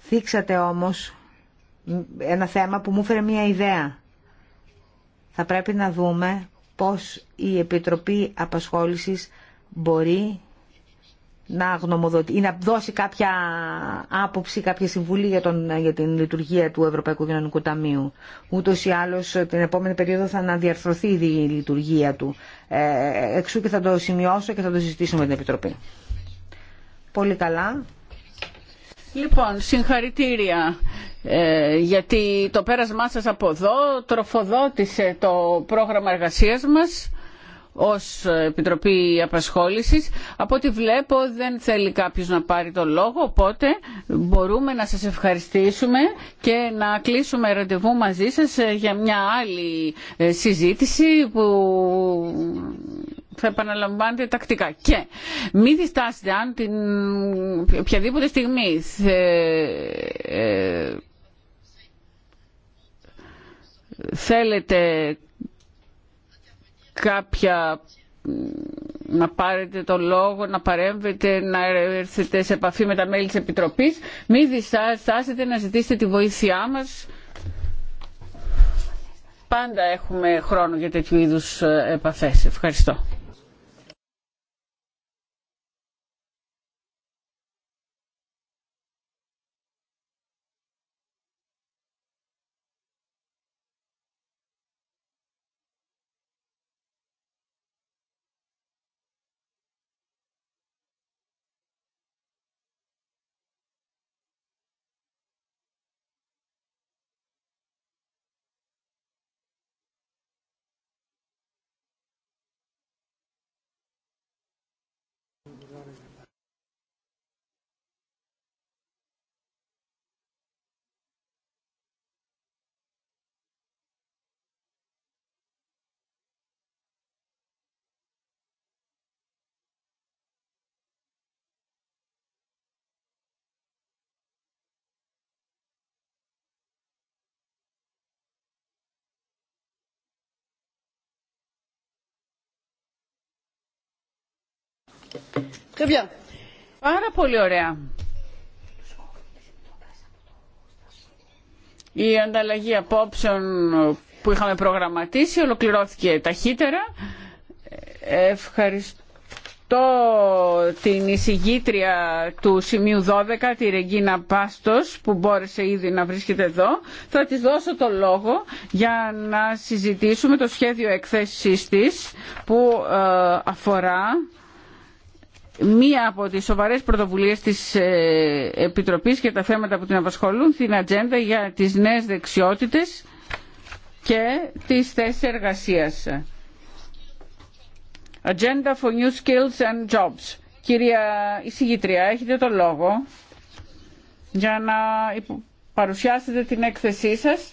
Θίξατε όμως ένα θέμα που μου έφερε μια ιδέα. Θα πρέπει να δούμε πώς η Επιτροπή Απασχόλησης μπορεί να γνωμοδοτεί ή να δώσει κάποια άποψη, κάποια συμβουλή για, τον, για την λειτουργία του Ευρωπαϊκού Κοινωνικού Ταμείου. Ούτω ή άλλω την επόμενη περίοδο θα αναδιαρθρωθεί η λειτουργία του. Ε, εξού και θα το σημειώσω και θα το συζητήσω με την Επιτροπή πολύ καλά. Λοιπόν, συγχαρητήρια ε, γιατί το πέρασμά σας από εδώ τροφοδότησε το πρόγραμμα εργασίας μας ως Επιτροπή Απασχόλησης. Από ό,τι βλέπω δεν θέλει κάποιος να πάρει το λόγο, οπότε μπορούμε να σας ευχαριστήσουμε και να κλείσουμε ραντεβού μαζί σας ε, για μια άλλη ε, συζήτηση που θα επαναλαμβάνετε τακτικά. Και μην διστάσετε αν την οποιαδήποτε στιγμή ε, θέλετε κάποια να πάρετε τον λόγο, να παρέμβετε, να έρθετε σε επαφή με τα μέλη της Επιτροπής. Μην διστάσετε να ζητήσετε τη βοήθειά μας. Πάντα έχουμε χρόνο για τέτοιου είδους ε, επαφές. Ευχαριστώ. Très bien. Πάρα πολύ ωραία. Η ανταλλαγή απόψεων που είχαμε προγραμματίσει ολοκληρώθηκε ταχύτερα. Ευχαριστώ την εισηγήτρια του σημείου 12, τη Ρεγκίνα Πάστος, που μπόρεσε ήδη να βρίσκεται εδώ. Θα της δώσω το λόγο για να συζητήσουμε το σχέδιο εκθέσης της που ε, αφορά μία από τις σοβαρές πρωτοβουλίες της ε, Επιτροπής και τα θέματα που την απασχολούν την ατζέντα για τις νέες δεξιότητες και τις θέσεις εργασίας. Agenda for New Skills and Jobs. Κυρία εισηγήτρια, έχετε το λόγο για να παρουσιάσετε την έκθεσή σας.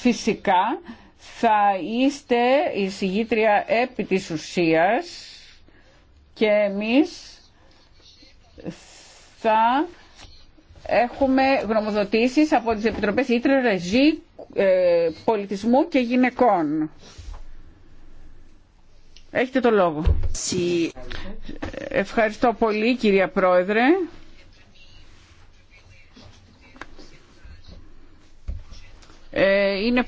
Φυσικά θα είστε η εισηγήτρια επί της ουσίας και εμείς θα έχουμε γνωμοδοτήσεις από τις Επιτροπές Ήτρε, Ρεζή, ε, Πολιτισμού και Γυναικών. Έχετε το λόγο. Ευχαριστώ πολύ κυρία Πρόεδρε. Ε, είναι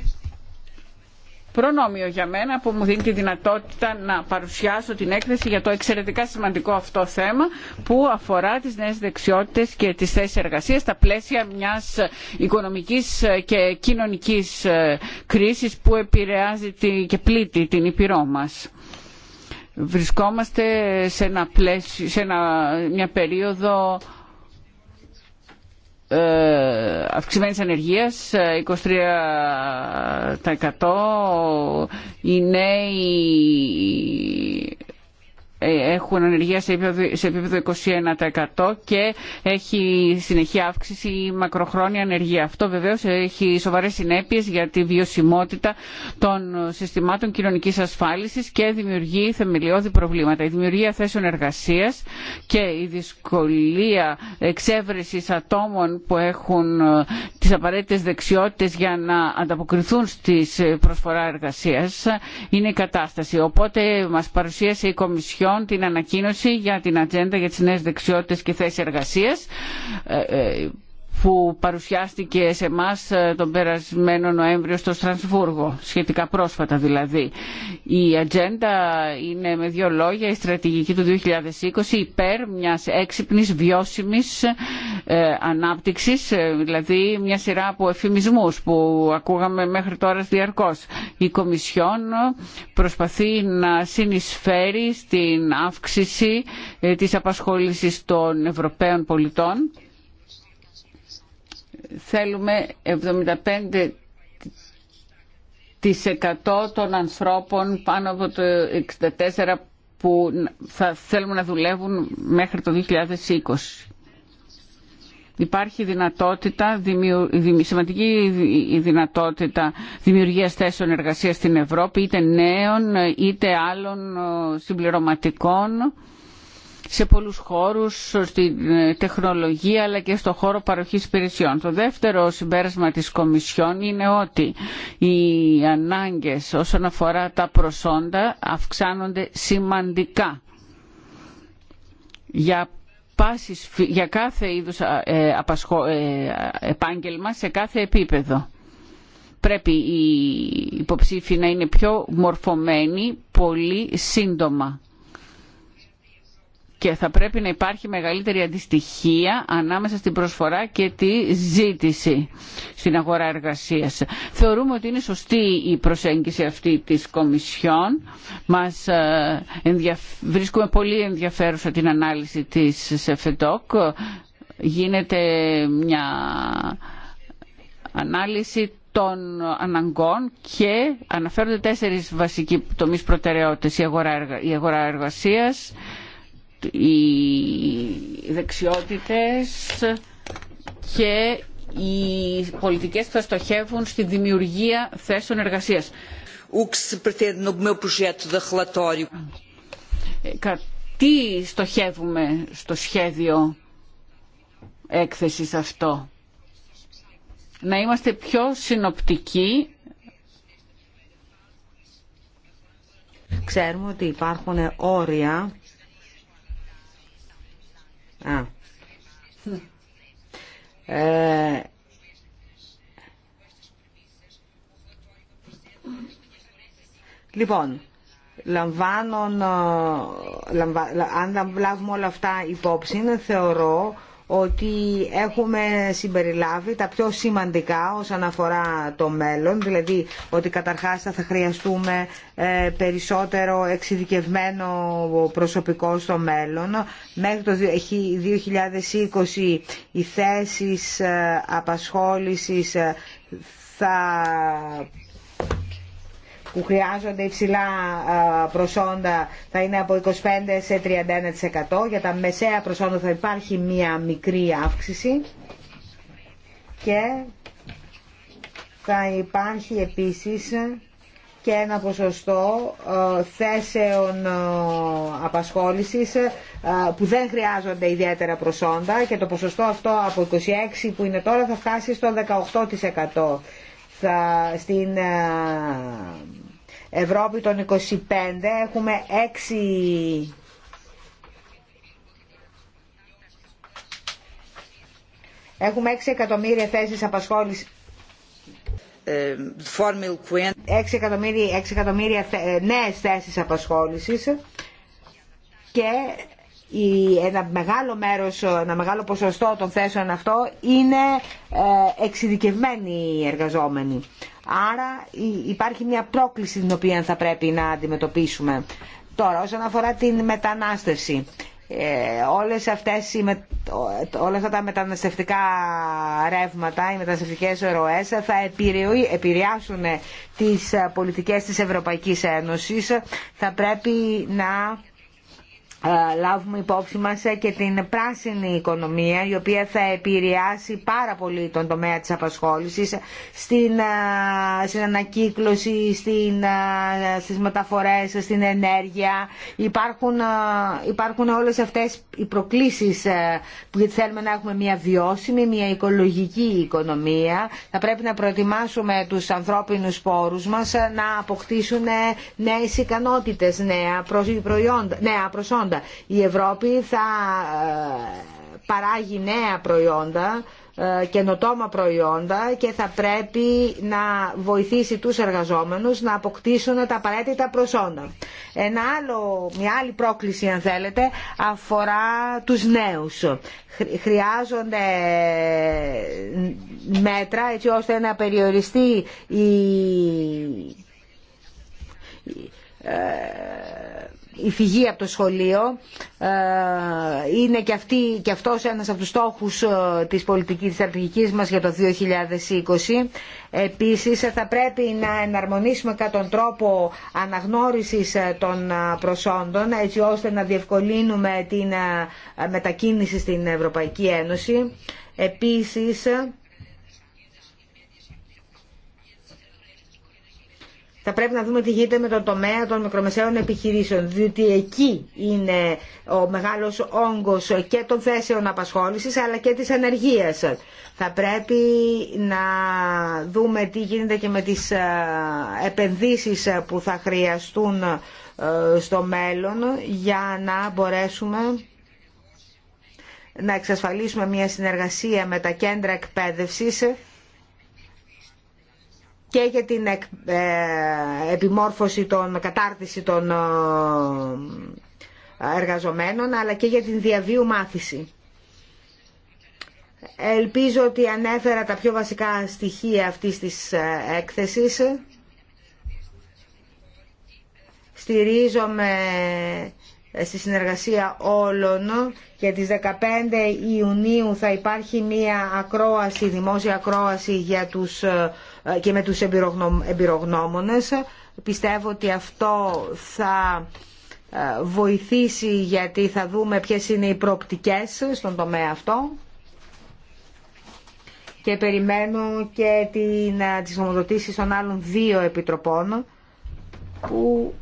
προνόμιο για μένα που μου δίνει τη δυνατότητα να παρουσιάσω την έκθεση για το εξαιρετικά σημαντικό αυτό θέμα που αφορά τις νέες δεξιότητες και τις θέσεις εργασίας στα πλαίσια μιας οικονομικής και κοινωνικής κρίσης που επηρεάζει και πλήττει την Ήπειρό μας. Βρισκόμαστε σε, μια περίοδο ε, αυξημένης ανεργίας 23% ε, οι νέοι ε, έχουν ανεργία σε επίπεδο 21% και έχει συνεχή αύξηση η μακροχρόνια ανεργία. Αυτό βεβαίως έχει σοβαρές συνέπειες για τη βιωσιμότητα των συστημάτων κοινωνικής ασφάλισης και δημιουργεί θεμελιώδη προβλήματα. Η δημιουργία θέσεων εργασίας και η δυσκολία εξέβρεσης ατόμων που έχουν ε, τις απαραίτητες δεξιότητες για να ανταποκριθούν στις ε, προσφορά εργασίας είναι η κατάσταση. Οπότε μας παρουσίασε η Κομισιόν την ανακοίνωση για την ατζέντα για τις νέες δεξιότητες και θέσεις εργασίας ε, ε, που παρουσιάστηκε σε εμά τον περασμένο Νοέμβριο στο Στρασβούργο, σχετικά πρόσφατα δηλαδή. Η ατζέντα είναι με δύο λόγια η στρατηγική του 2020 υπέρ μιας έξυπνης βιώσιμης ε, ανάπτυξης, ε, δηλαδή μια σειρά από εφημισμούς που ακούγαμε μέχρι τώρα διαρκώς. Η Κομισιόν προσπαθεί να συνεισφέρει στην αύξηση ε, της απασχόλησης των Ευρωπαίων πολιτών θέλουμε 75% των ανθρώπων πάνω από το 64% που θα θέλουμε να δουλεύουν μέχρι το 2020. Υπάρχει δυνατότητα, σημαντική δυνατότητα δημιουργίας θέσεων εργασίας στην Ευρώπη, είτε νέων είτε άλλων ε, συμπληρωματικών σε πολλούς χώρους, στην ε, τεχνολογία αλλά και στον χώρο παροχής υπηρεσιών. Το δεύτερο συμπέρασμα της Κομισιόν είναι ότι οι ανάγκες όσον αφορά τα προσόντα αυξάνονται σημαντικά. Για πάσης, για κάθε είδους ε, ε, επάγγελμα σε κάθε επίπεδο. Πρέπει οι υποψήφοι να είναι πιο μορφωμένοι πολύ σύντομα και θα πρέπει να υπάρχει μεγαλύτερη αντιστοιχία ανάμεσα στην προσφορά και τη ζήτηση στην αγορά εργασίας. Θεωρούμε ότι είναι σωστή η προσέγγιση αυτή της Κομισιόν. Μας ε, Βρίσκουμε πολύ ενδιαφέρουσα την ανάλυση της ΣΕΦΕΤΟΚ. Γίνεται μια ανάλυση των αναγκών και αναφέρονται τέσσερις βασικοί τομείς προτεραιότητες. Η αγορά, η αγορά εργασίας, οι δεξιότητες και οι πολιτικές θα στοχεύουν στη δημιουργία θέσεων εργασίας. Ε, τι στοχεύουμε στο σχέδιο έκθεσης αυτό. Να είμαστε πιο συνοπτικοί Ξέρουμε ότι υπάρχουν όρια Α. Ε, λοιπόν, λαμβάνω, ε, λαμβα, αν λάβουμε όλα αυτά υπόψη, θεωρώ ότι έχουμε συμπεριλάβει τα πιο σημαντικά όσον αφορά το μέλλον, δηλαδή ότι καταρχάς θα χρειαστούμε ε, περισσότερο εξειδικευμένο προσωπικό στο μέλλον. Μέχρι το 2020 οι θέσεις ε, απασχόλησης ε, θα που χρειάζονται υψηλά προσόντα θα είναι από 25% σε 31%. Για τα μεσαία προσόντα θα υπάρχει μία μικρή αύξηση και θα υπάρχει επίσης και ένα ποσοστό θέσεων απασχόλησης που δεν χρειάζονται ιδιαίτερα προσόντα και το ποσοστό αυτό από 26% που είναι τώρα θα φτάσει στο 18%. Θα, στην, Ευρώπη των 25 έχουμε 6 Έχουμε 6 εκατομμύρια θέσεις απασχόλησης 6 ε, εκατομμύρια, 6 εκατομμύρια ε, νέες θέσεις απασχόλησης και ένα μεγάλο μέρος, ένα μεγάλο ποσοστό των θέσεων αυτό είναι ε, εξειδικευμένοι εργαζόμενοι. Άρα υπάρχει μια πρόκληση την οποία θα πρέπει να αντιμετωπίσουμε. Τώρα όσον αφορά την μετανάστευση, ε, όλες αυτές οι, όλα αυτά τα μεταναστευτικά ρεύματα, οι μεταναστευτικές ροές θα επηρεάσουν τις πολιτικές της Ευρωπαϊκής Ένωσης. Θα πρέπει να ε, λάβουμε υπόψη μας ε, και την πράσινη οικονομία η οποία θα επηρεάσει πάρα πολύ τον τομέα της απασχόλησης στην, ε, στην ανακύκλωση, στην, στις μεταφορές, στην ενέργεια. Υπάρχουν, υπάρχουν όλες αυτές οι προκλήσεις που θέλουμε να έχουμε μια βιώσιμη, μια οικολογική οικονομία. Θα πρέπει να προετοιμάσουμε τους ανθρώπινους πόρους μας να αποκτήσουν νέες ικανότητες, νέα προϊόντα, νέα προσόντα η Ευρώπη θα ε, παράγει νέα προϊόντα, ε, καινοτόμα προϊόντα και θα πρέπει να βοηθήσει τους εργαζόμενους να αποκτήσουν τα απαραίτητα προσόντα. Ένα άλλο, μια άλλη πρόκληση αν θέλετε αφορά τους νέους. Χρειάζονται ε, μέτρα έτσι ώστε να περιοριστεί η η φυγή από το σχολείο ε, είναι και, αυτή, και αυτός ένας από τους στόχους ε, της πολιτικής της στρατηγικής μας για το 2020. Επίσης θα πρέπει να εναρμονίσουμε κατά τον τρόπο αναγνώρισης ε, των προσόντων έτσι ώστε να διευκολύνουμε την μετακίνηση στην Ευρωπαϊκή Ένωση. Επίσης θα πρέπει να δούμε τι γίνεται με τον τομέα των μικρομεσαίων επιχειρήσεων, διότι εκεί είναι ο μεγάλος όγκος και των θέσεων απασχόλησης αλλά και της ανεργίας. Θα πρέπει να δούμε τι γίνεται και με τις ε, επενδύσεις που θα χρειαστούν ε, στο μέλλον για να μπορέσουμε να εξασφαλίσουμε μια συνεργασία με τα κέντρα εκπαίδευσης και για την ε, επιμόρφωση, των, κατάρτιση των ε, εργαζομένων, αλλά και για την διαβίου μάθηση. Ελπίζω ότι ανέφερα τα πιο βασικά στοιχεία αυτής της ε, έκθεσης. Στηρίζομαι στη συνεργασία όλων και τις 15 Ιουνίου θα υπάρχει μία ακρόαση, δημόσια ακρόαση για τους και με τους εμπειρογνώμονες. Πιστεύω ότι αυτό θα ε, βοηθήσει γιατί θα δούμε ποιες είναι οι προοπτικές στον τομέα αυτό και περιμένω και την, ε, τις νομοδοτήσεις των άλλων δύο επιτροπών που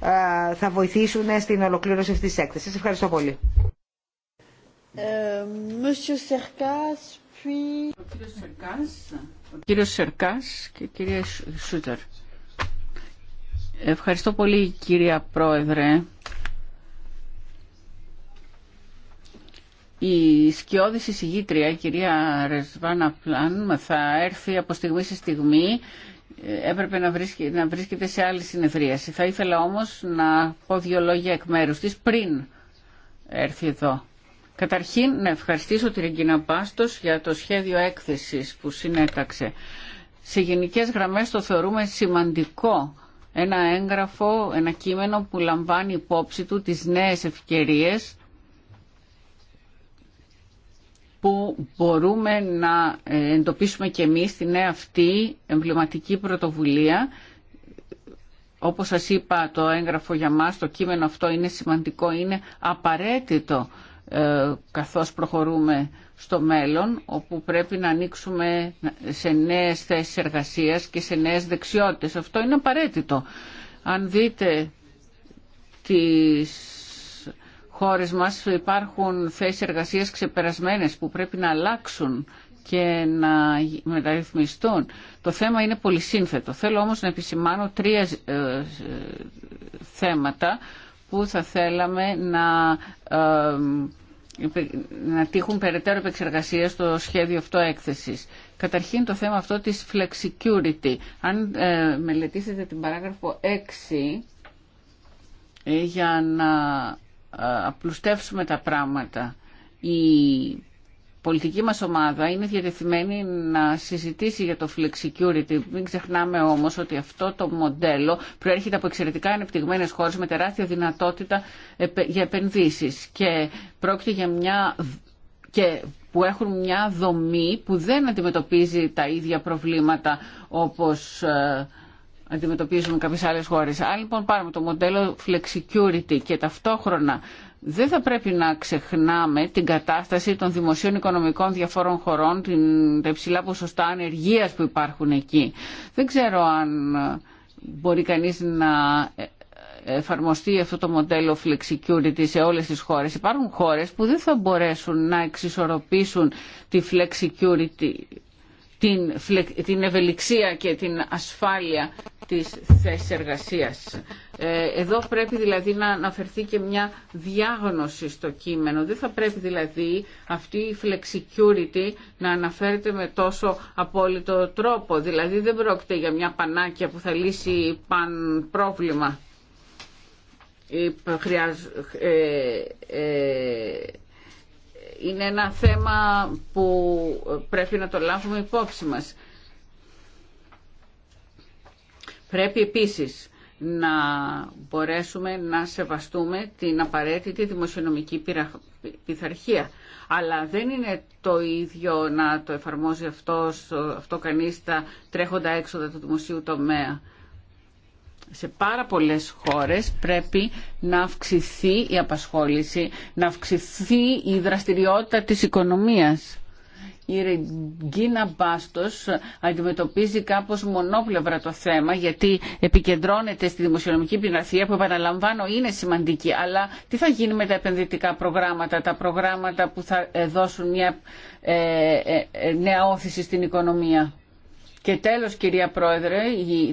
ε, θα βοηθήσουν στην ολοκλήρωση αυτής της έκθεσης. Ευχαριστώ πολύ. Ε, Monsieur Puis... Ο Σερκάς, και η κυρία Σούτερ. Ευχαριστώ πολύ κυρία Πρόεδρε. Η σκιώδης εισηγήτρια, η κυρία Ρεσβάνα Πλάν, θα έρθει από στιγμή σε στιγμή. Έπρεπε να, βρίσκεται, να βρίσκεται σε άλλη συνεδρίαση. Θα ήθελα όμως να πω δύο λόγια εκ μέρους της πριν έρθει εδώ. Καταρχήν να ευχαριστήσω την Ρεγκίνα Πάστος για το σχέδιο έκθεσης που συνέταξε. Σε γενικές γραμμές το θεωρούμε σημαντικό ένα έγγραφο, ένα κείμενο που λαμβάνει υπόψη του τις νέες ευκαιρίες που μπορούμε να ε, εντοπίσουμε και εμείς τη νέα αυτή εμβληματική πρωτοβουλία. Όπως σας είπα το έγγραφο για μας, το κείμενο αυτό είναι σημαντικό, είναι απαραίτητο ε, καθώς προχωρούμε στο μέλλον, όπου πρέπει να ανοίξουμε σε νέες θέσεις εργασίας και σε νέες δεξιότητες. Αυτό είναι απαραίτητο. Αν δείτε τις χώρες μας υπάρχουν θέσεις εργασίας ξεπερασμένες που πρέπει να αλλάξουν και να μεταρρυθμιστούν. Το θέμα είναι πολύ σύνθετο. Θέλω όμως να επισημάνω τρία ε, ε, θέματα που θα θέλαμε να, να τύχουν περαιτέρω επεξεργασία στο σχέδιο αυτό έκθεσης. Καταρχήν το θέμα αυτό της flexicurity. Αν ε, μελετήσετε την παράγραφο 6 ε, για να ε, απλουστεύσουμε τα πράγματα, η πολιτική μας ομάδα είναι διατεθειμένη να συζητήσει για το flexicurity. Μην ξεχνάμε όμως ότι αυτό το μοντέλο προέρχεται από εξαιρετικά ανεπτυγμένες χώρες με τεράστια δυνατότητα για επενδύσεις και πρόκειται για μια και που έχουν μια δομή που δεν αντιμετωπίζει τα ίδια προβλήματα όπως ε, αντιμετωπίζουν κάποιες άλλες χώρες. Αν λοιπόν πάρουμε το μοντέλο flexicurity και ταυτόχρονα δεν θα πρέπει να ξεχνάμε την κατάσταση των δημοσίων οικονομικών διαφόρων χωρών, την, τα υψηλά ποσοστά ανεργίας που υπάρχουν εκεί. Δεν ξέρω αν μπορεί κανείς να ε, εφαρμοστεί αυτό το μοντέλο flexicurity σε όλες τις χώρες. Υπάρχουν χώρες που δεν θα μπορέσουν να εξισορροπήσουν τη flexicurity την, ευελιξία και την ασφάλεια της θέσης εργασίας. Ε, εδώ πρέπει δηλαδή να αναφερθεί και μια διάγνωση στο κείμενο. Δεν θα πρέπει δηλαδή αυτή η flexicurity να αναφέρεται με τόσο απόλυτο τρόπο. Δηλαδή δεν πρόκειται για μια πανάκια που θα λύσει παν πρόβλημα. Ε, ε, είναι ένα θέμα που πρέπει να το λάβουμε υπόψη μας. Πρέπει επίσης να μπορέσουμε να σεβαστούμε την απαραίτητη δημοσιονομική πειθαρχία. Αλλά δεν είναι το ίδιο να το εφαρμόζει αυτό, αυτό κανείς τα τρέχοντα έξοδα του δημοσίου τομέα σε πάρα πολλές χώρες πρέπει να αυξηθεί η απασχόληση, να αυξηθεί η δραστηριότητα της οικονομίας. Η Ρεγκίνα Μπάστος αντιμετωπίζει κάπως μονόπλευρα το θέμα γιατί επικεντρώνεται στη δημοσιονομική πειραθία που επαναλαμβάνω είναι σημαντική αλλά τι θα γίνει με τα επενδυτικά προγράμματα, τα προγράμματα που θα δώσουν μια ε, ε, ε, νέα όθηση στην οικονομία. Και τέλος κυρία Πρόεδρε,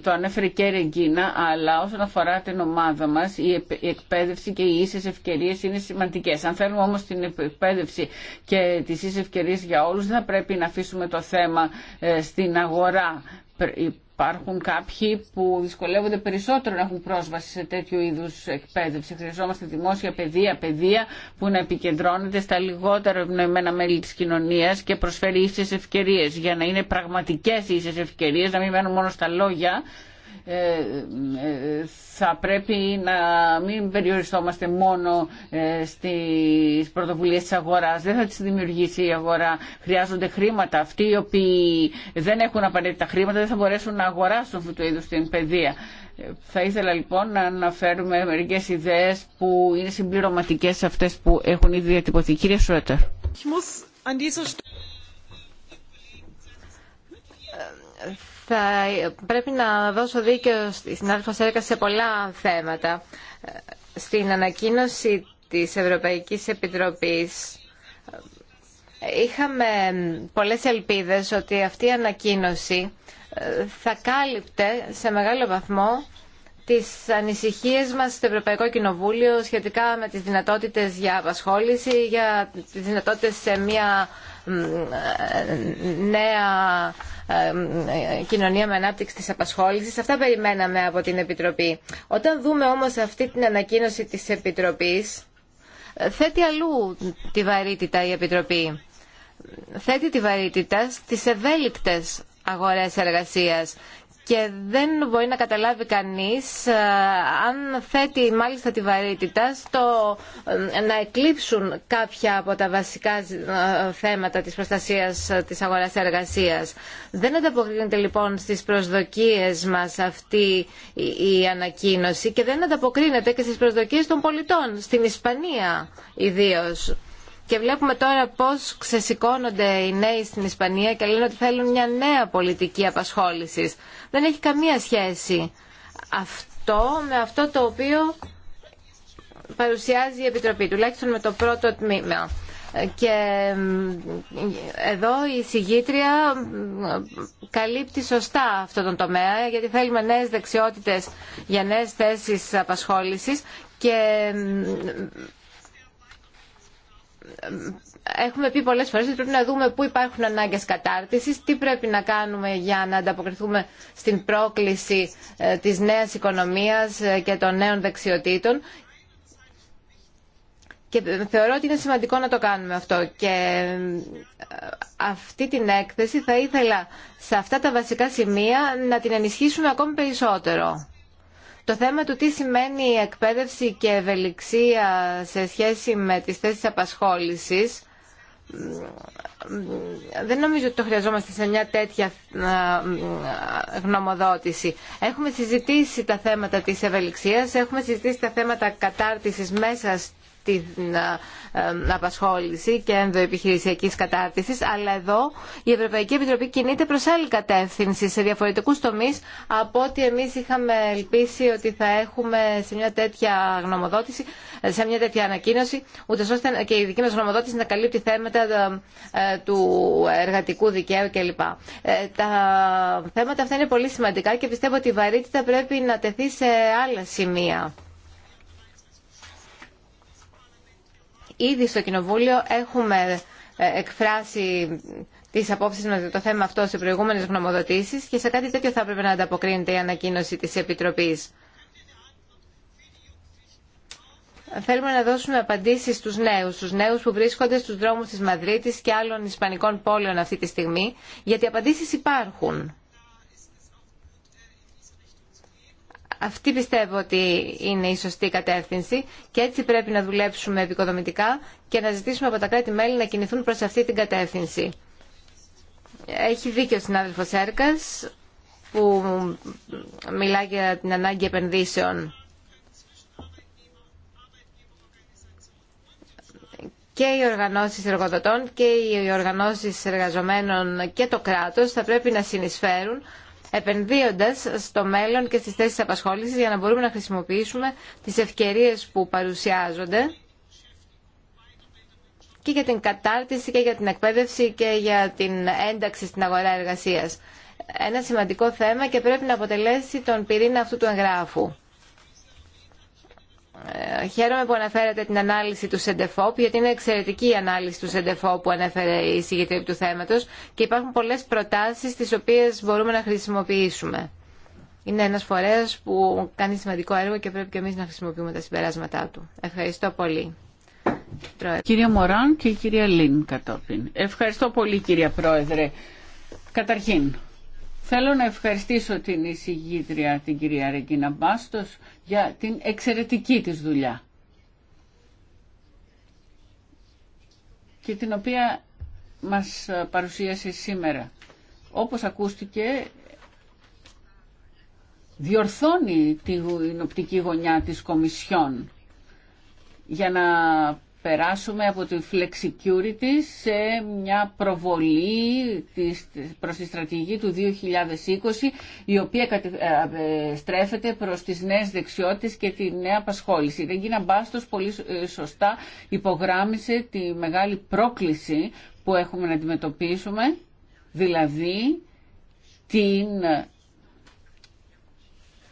το ανέφερε και η Ρεγκίνα, αλλά όσον αφορά την ομάδα μας, η εκπαίδευση και οι ίσες ευκαιρίες είναι σημαντικές. Αν θέλουμε όμως την εκπαίδευση και τις ίσες ευκαιρίες για όλους, δεν θα πρέπει να αφήσουμε το θέμα ε, στην αγορά υπάρχουν κάποιοι που δυσκολεύονται περισσότερο να έχουν πρόσβαση σε τέτοιου είδους εκπαίδευση. Χρειαζόμαστε δημόσια παιδεία, παιδεία που να επικεντρώνεται στα λιγότερα ευνοημένα μέλη της κοινωνίας και προσφέρει ίσε ευκαιρίες για να είναι πραγματικές ίσες ευκαιρίες, να μην μένουν μόνο στα λόγια ε, ε, θα πρέπει να μην περιοριστόμαστε μόνο ε, στις πρωτοβουλίες της αγοράς. Δεν θα τις δημιουργήσει η αγορά. Χρειάζονται χρήματα. Αυτοί οι οποίοι δεν έχουν απαραίτητα χρήματα δεν θα μπορέσουν να αγοράσουν αυτού του είδους την παιδεία. Θα ήθελα λοιπόν να αναφέρουμε μερικές ιδέες που είναι συμπληρωματικές σε αυτές που έχουν ήδη διατυπωθεί. Κύριε Σουέτερ. θα πρέπει να δώσω δίκαιο στην άλφα Σέρκα σε πολλά θέματα. Στην ανακοίνωση της Ευρωπαϊκής Επιτροπής είχαμε πολλές ελπίδες ότι αυτή η ανακοίνωση ε, θα κάλυπτε σε μεγάλο βαθμό τις ανησυχίες μας στο Ευρωπαϊκό Κοινοβούλιο σχετικά με τις δυνατότητες για απασχόληση, για τις δυνατότητες σε μια ε, νέα ε, κοινωνία με ανάπτυξη της απασχόλησης. Αυτά περιμέναμε από την Επιτροπή. Όταν δούμε όμως αυτή την ανακοίνωση της Επιτροπής, ε, θέτει αλλού τη βαρύτητα η Επιτροπή. Θέτει τη βαρύτητα στις ευέλικτες αγορές εργασίας και δεν μπορεί να καταλάβει κανείς ε, αν θέτει μάλιστα τη βαρύτητα στο ε, να εκλείψουν κάποια από τα βασικά ε, θέματα της προστασίας της αγοράς εργασίας. Δεν ανταποκρίνεται λοιπόν στις προσδοκίες μας αυτή η ανακοίνωση και δεν ανταποκρίνεται και στις προσδοκίες των πολιτών, στην Ισπανία ιδίως και βλέπουμε τώρα πώς ξεσηκώνονται οι νέοι στην Ισπανία και λένε ότι θέλουν μια νέα πολιτική απασχόλησης. Δεν έχει καμία σχέση αυτό με αυτό το οποίο παρουσιάζει η Επιτροπή, τουλάχιστον με το πρώτο τμήμα. Και εδώ η συγγήτρια καλύπτει σωστά αυτό τον τομέα, γιατί θέλουμε νέες δεξιότητες για νέε θέσεις απασχόλησης και έχουμε πει πολλές φορές ότι πρέπει να δούμε πού υπάρχουν ανάγκες κατάρτισης, τι πρέπει να κάνουμε για να ανταποκριθούμε στην πρόκληση ε, της νέας οικονομίας ε, και των νέων δεξιοτήτων και θεωρώ ότι είναι σημαντικό να το κάνουμε αυτό. Και ε, αυτή την έκθεση θα ήθελα σε αυτά τα βασικά σημεία να την ενισχύσουμε ακόμη περισσότερο. Το θέμα του τι σημαίνει η εκπαίδευση και ευελιξία σε σχέση με τις θέσεις απασχόλησης δεν νομίζω ότι το χρειαζόμαστε σε μια τέτοια γνωμοδότηση. Έχουμε συζητήσει τα θέματα της ευελιξίας, έχουμε συζητήσει τα θέματα κατάρτισης μέσα την ε, ε, απασχόληση και ενδοεπιχειρησιακής κατάρτισης, αλλά εδώ η Ευρωπαϊκή Επιτροπή κινείται προς άλλη κατεύθυνση σε διαφορετικούς τομείς από ό,τι εμείς είχαμε ελπίσει ότι θα έχουμε σε μια τέτοια γνωμοδότηση, σε μια τέτοια ανακοίνωση, ούτε ώστε και η δική μας γνωμοδότηση να καλύπτει θέματα ε, του εργατικού δικαίου κλπ. Τα θέματα αυτά είναι πολύ σημαντικά και πιστεύω ότι η βαρύτητα πρέπει να τεθεί σε άλλα σημεία. Ήδη στο Κοινοβούλιο έχουμε ε, εκφράσει τις απόψεις μας για το θέμα αυτό σε προηγούμενε γνωμοδοτήσει και σε κάτι τέτοιο θα έπρεπε να ανταποκρίνεται η ανακοίνωση της Επιτροπής. Θέλουμε να δώσουμε απαντήσεις στους νέους, στους νέους που βρίσκονται στους δρόμους της Μαδρίτης και άλλων ισπανικών πόλεων αυτή τη στιγμή, γιατί απαντήσει υπάρχουν. Αυτή πιστεύω ότι είναι η σωστή κατεύθυνση και έτσι πρέπει να δουλέψουμε επικοδομητικά και να ζητήσουμε από τα κράτη-μέλη να κινηθούν προς αυτή την κατεύθυνση. Έχει δίκιο ο συνάδελφος Έρκας που μιλά για την ανάγκη επενδύσεων. και οι οργανώσεις εργοδοτών και οι οργανώσεις εργαζομένων και το κράτος θα πρέπει να συνεισφέρουν επενδύοντας στο μέλλον και στις θέσεις απασχόλησης για να μπορούμε να χρησιμοποιήσουμε τις ευκαιρίες που παρουσιάζονται και για την κατάρτιση και για την εκπαίδευση και για την ένταξη στην αγορά εργασίας. Ένα σημαντικό θέμα και πρέπει να αποτελέσει τον πυρήνα αυτού του εγγράφου. Ε, χαίρομαι που αναφέρατε την ανάλυση του ΣΕΝΤΕΦΟΠ, γιατί είναι εξαιρετική η ανάλυση του ΣΕΝΤΕΦΟΠ που ανέφερε η συγκεκριτή του θέματος και υπάρχουν πολλές προτάσεις τις οποίες μπορούμε να χρησιμοποιήσουμε. Είναι ένας φορέας που κάνει σημαντικό έργο και πρέπει και εμείς να χρησιμοποιούμε τα συμπεράσματά του. Ευχαριστώ πολύ. Κύριε Μωράν και κυρία Λίν κατόπιν. Ευχαριστώ πολύ κυρία Πρόεδρε. Καταρχήν, Θέλω να ευχαριστήσω την εισηγήτρια, την κυρία Ρεγκίνα Μπάστος, για την εξαιρετική της δουλειά. Και την οποία μας παρουσίασε σήμερα. Όπως ακούστηκε, διορθώνει την οπτική γωνιά της Κομισιόν για να περάσουμε από τη flexicurity σε μια προβολή προς τη στρατηγική του 2020 η οποία ε, στρέφεται προς τις νέες δεξιότητες και τη νέα απασχόληση. Δεν Ρεγκίνα Μπάστος πολύ ε, σωστά υπογράμμισε τη μεγάλη πρόκληση που έχουμε να αντιμετωπίσουμε, δηλαδή την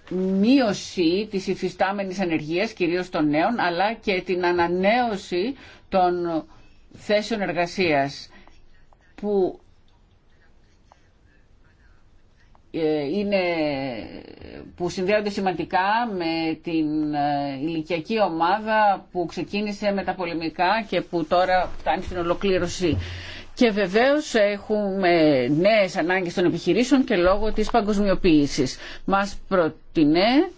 μείωση της υφιστάμενης ανεργίας, κυρίως των νέων, αλλά και την ανανέωση των θέσεων εργασίας που ε, είναι, που συνδέονται σημαντικά με την ε, ηλικιακή ομάδα που ξεκίνησε με τα πολεμικά και που τώρα φτάνει στην ολοκλήρωση. Και βεβαίως έχουμε νέες ανάγκες των επιχειρήσεων και λόγω της παγκοσμιοποίησης. Μας προτείνε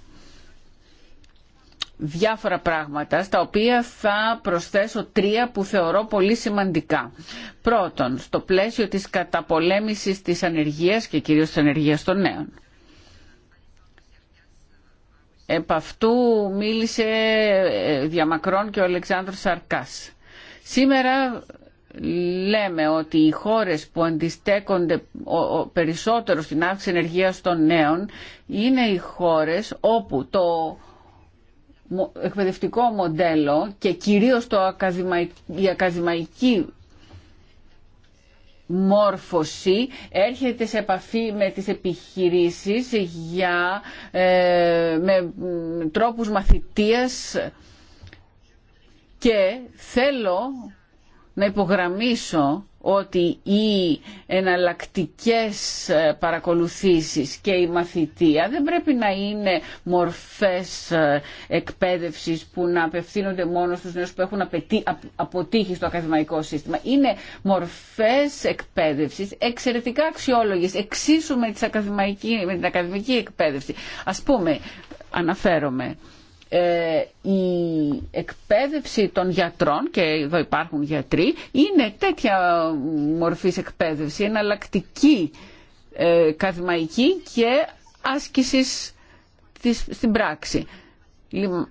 διάφορα πράγματα, στα οποία θα προσθέσω τρία που θεωρώ πολύ σημαντικά. Πρώτον, στο πλαίσιο της καταπολέμησης της ανεργίας και κυρίως της ανεργίας των νέων. Επ' αυτού μίλησε ε, ε, διαμακρόν και ο Αλεξάνδρος Σαρκάς. Σήμερα λέμε ότι οι χώρες που αντιστέκονται περισσότερο στην αύξηση ενεργείας των νέων είναι οι χώρες όπου το εκπαιδευτικό μοντέλο και κυρίως το η ακαδημαϊκή μόρφωση έρχεται σε επαφή με τις επιχειρήσεις για, ε, με τρόπους μαθητείας και θέλω να υπογραμμίσω ότι οι εναλλακτικές ε, παρακολουθήσεις και η μαθητεία δεν πρέπει να είναι μορφές ε, εκπαίδευσης που να απευθύνονται μόνο στους νέους που έχουν αποτύχει στο ακαδημαϊκό σύστημα. Είναι μορφές εκπαίδευσης εξαιρετικά αξιόλογες, εξίσου με, με την ακαδημαϊκή εκπαίδευση. Ας πούμε, αναφέρομαι, ε, η εκπαίδευση των γιατρών και εδώ υπάρχουν γιατροί είναι τέτοια μορφής εκπαίδευση εναλλακτική ε, καθημαϊκή και άσκηση της, στην πράξη.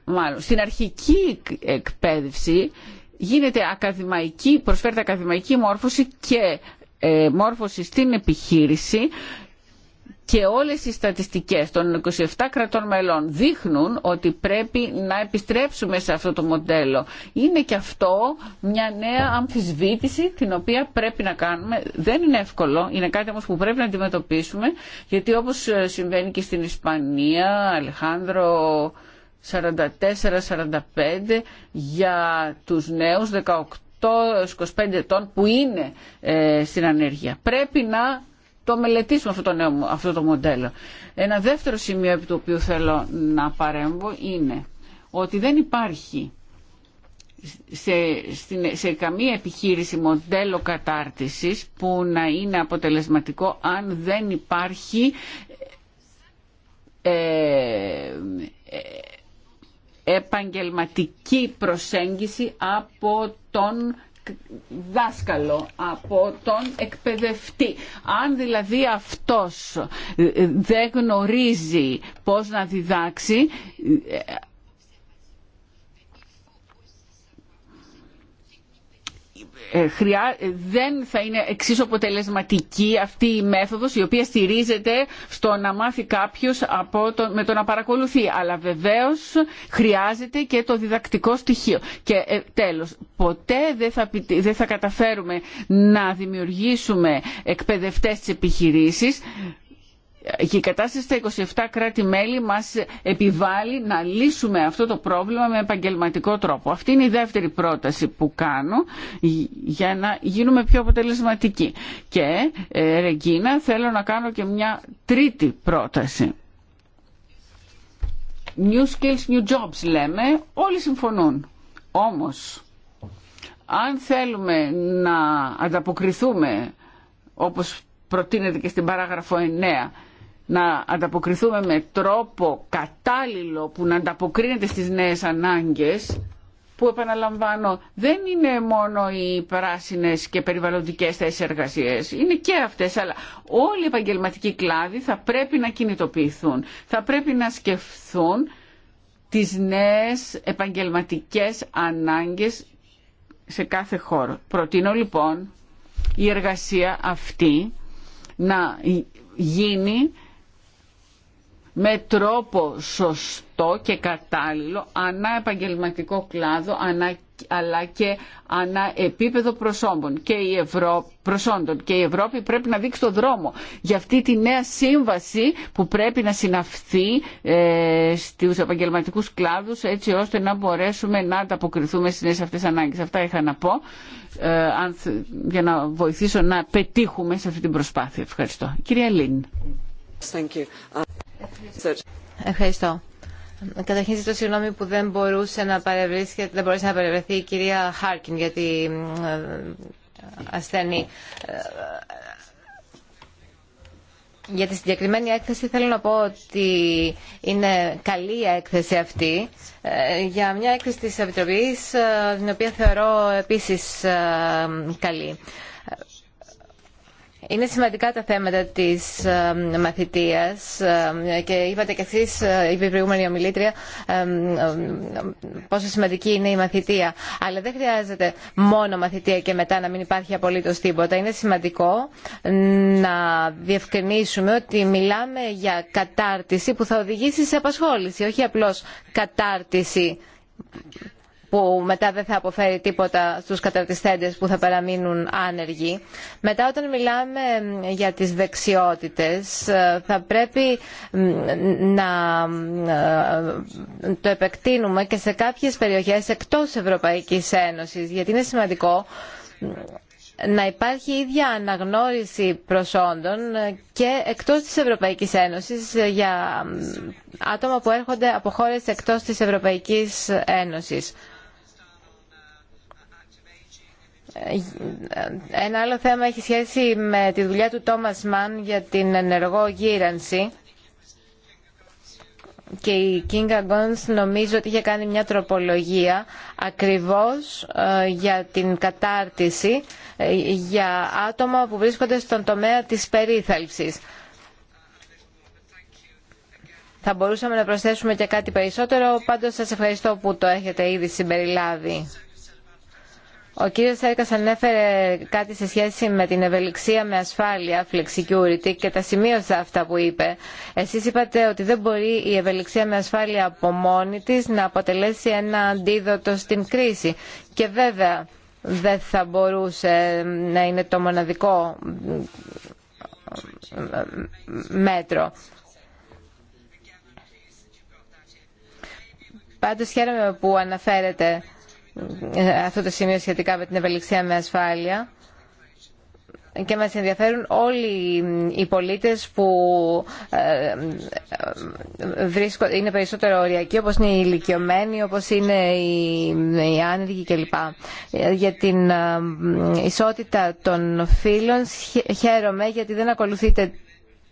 Μάλλον, στην αρχική εκπαίδευση γίνεται ακαδημαϊκή, προσφέρεται ακαδημαϊκή μόρφωση και ε, μόρφωση στην επιχείρηση και όλες οι στατιστικές των 27 κρατών μελών δείχνουν ότι πρέπει να επιστρέψουμε σε αυτό το μοντέλο. Είναι και αυτό μια νέα αμφισβήτηση την οποία πρέπει να κάνουμε. Δεν είναι εύκολο, είναι κάτι όμως που πρέπει να αντιμετωπίσουμε γιατί όπως συμβαίνει και στην Ισπανία, Αλεχάνδρο 44-45 για τους νέους 18-25 ετών που είναι ε, στην ανέργεια. Πρέπει να το μελετήσουμε αυτό το, αυτό το μοντέλο. Ένα δεύτερο σημείο επί του οποίου θέλω να παρέμβω είναι ότι δεν υπάρχει σε, σε καμία επιχείρηση μοντέλο κατάρτισης που να είναι αποτελεσματικό αν δεν υπάρχει ε, ε, επαγγελματική προσέγγιση από τον δάσκαλο, από τον εκπαιδευτή. Αν δηλαδή αυτός ε, ε, δεν γνωρίζει πώς να διδάξει, ε, Ε, ε, δεν θα είναι εξίσου αποτελεσματική αυτή η μέθοδος η οποία στηρίζεται στο να μάθει κάποιος με το να παρακολουθεί. Αλλά βεβαίως χρειάζεται και το διδακτικό στοιχείο. Και ε, τέλος, ποτέ δεν θα, δεν θα καταφέρουμε να δημιουργήσουμε εκπαιδευτές της επιχειρήσης και η κατάσταση στα 27 κράτη-μέλη μας επιβάλλει να λύσουμε αυτό το πρόβλημα με επαγγελματικό τρόπο. Αυτή είναι η δεύτερη πρόταση που κάνω για να γίνουμε πιο αποτελεσματικοί. Και, ε, Ρεγκίνα, θέλω να κάνω και μια τρίτη πρόταση. New skills, new jobs λέμε, όλοι συμφωνούν. Όμως, αν θέλουμε να ανταποκριθούμε όπως προτείνεται και στην παράγραφο 9 να ανταποκριθούμε με τρόπο κατάλληλο που να ανταποκρίνεται στις νέες ανάγκες που επαναλαμβάνω δεν είναι μόνο οι πράσινες και περιβαλλοντικές θέσει εργασίες, είναι και αυτές, αλλά όλοι οι επαγγελματικοί κλάδοι θα πρέπει να κινητοποιηθούν, θα πρέπει να σκεφτούν τις νέες επαγγελματικές ανάγκες σε κάθε χώρο. Προτείνω λοιπόν η εργασία αυτή να γίνει με τρόπο σωστό και κατάλληλο ανά επαγγελματικό κλάδο ανά, αλλά και ανά επίπεδο προσόντων. Και, η Ευρώπη, προσόντων. και η Ευρώπη πρέπει να δείξει το δρόμο για αυτή τη νέα σύμβαση που πρέπει να συναυθεί ε, στους επαγγελματικούς κλάδους έτσι ώστε να μπορέσουμε να ανταποκριθούμε στις νέες αυτές ανάγκες. Αυτά είχα να πω ε, για να βοηθήσω να πετύχουμε σε αυτή την προσπάθεια. Ευχαριστώ. Κυρία Λίν. Ευχαριστώ. Καταρχήν ζητώ συγγνώμη που δεν μπορούσε να παρευρεθεί, δεν να παρευρεθεί η κυρία Χάρκιν γιατί ε, ασθενή. Ε, για τη συγκεκριμένη έκθεση θέλω να πω ότι είναι καλή η έκθεση αυτή ε, για μια έκθεση της Επιτροπής την οποία θεωρώ επίσης καλή. Είναι σημαντικά τα θέματα της ε, μαθητείας ε, και είπατε κι εσείς, ε, η προηγούμενη ομιλήτρια, πόσο σημαντική είναι η μαθητεία. Αλλά δεν χρειάζεται μόνο μαθητεία και μετά να μην υπάρχει απολύτως τίποτα. Είναι σημαντικό να διευκρινίσουμε ότι μιλάμε για κατάρτιση που θα οδηγήσει σε απασχόληση, όχι απλώς κατάρτιση που μετά δεν θα αποφέρει τίποτα στους καταρτιστέντες που θα παραμείνουν άνεργοι. Μετά όταν μιλάμε για τις δεξιότητες ε, θα πρέπει να ε, το επεκτείνουμε και σε κάποιες περιοχές εκτός Ευρωπαϊκής Ένωσης γιατί είναι σημαντικό να υπάρχει ίδια αναγνώριση προσόντων ε, και εκτός της Ευρωπαϊκής Ένωσης για άτομα που έρχονται από χώρες εκτός της Ευρωπαϊκής Ένωσης. Ένα άλλο θέμα έχει σχέση με τη δουλειά του Τόμας Μαν για την ενεργό γύρανση και η Κίνγκα Γκόνς νομίζω ότι είχε κάνει μια τροπολογία ακριβώς ε, για την κατάρτιση ε, για άτομα που βρίσκονται στον τομέα της περίθαλψης. Θα μπορούσαμε να προσθέσουμε και κάτι περισσότερο, πάντως σας ευχαριστώ που το έχετε ήδη συμπεριλάβει. Ο κύριος Σέρκα ανέφερε κάτι σε σχέση με την ευελιξία με ασφάλεια, flexicurity, και τα σημείωσα αυτά που είπε. Εσείς είπατε ότι δεν μπορεί η ευελιξία με ασφάλεια από μόνη τη να αποτελέσει ένα αντίδοτο στην κρίση. Και βέβαια δεν θα μπορούσε να είναι το μοναδικό μέτρο. Πάντως χαίρομαι που αναφέρετε αυτό το σημείο σχετικά με την ευελιξία με ασφάλεια και μας ενδιαφέρουν όλοι οι πολίτες που ε, ε, είναι περισσότερο οριακοί όπως είναι οι ηλικιωμένοι, όπως είναι οι άνεργοι κλπ. Για την ε, ισότητα των φίλων χαίρομαι γιατί δεν ακολουθείτε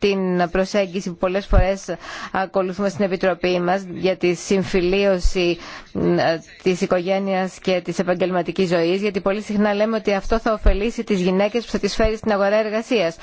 την προσέγγιση που πολλές φορές ακολουθούμε στην Επιτροπή μας για τη συμφιλίωση ε, της οικογένειας και της επαγγελματικής ζωής, γιατί πολύ συχνά λέμε ότι αυτό θα ωφελήσει τις γυναίκες που θα τις φέρει στην αγορά εργασίας.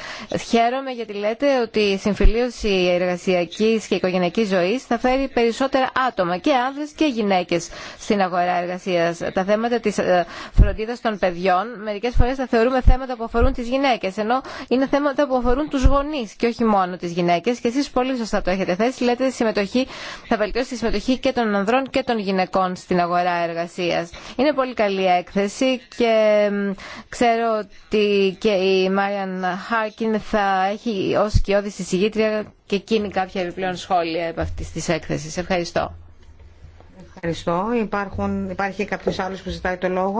Χαίρομαι γιατί λέτε ότι η συμφιλίωση εργασιακής και οικογενειακής ζωής θα φέρει περισσότερα άτομα και άνδρες και γυναίκες στην αγορά εργασίας. Τα θέματα της ε, φροντίδας των παιδιών μερικές φορές θα θεωρούμε θέματα που αφορούν τις γυναίκες, ενώ είναι θέματα που αφορούν τους γονείς και όχι μόνο τις γυναίκες και εσεί πολύ σωστά το έχετε θέσει, λέτε συμμετοχή, θα βελτιώσει τη συμμετοχή και των ανδρών και των γυναικών στην αγορά εργασία. Είναι πολύ καλή έκθεση και ξέρω ότι και η Μάριαν Χάρκιν θα έχει ως κοιόδηση συζητήτρια και εκείνη κάποια επιπλέον σχόλια από αυτή τη έκθεση. Ευχαριστώ. Ευχαριστώ. Υπάρχουν, υπάρχει κάποιο άλλο που ζητάει το λόγο.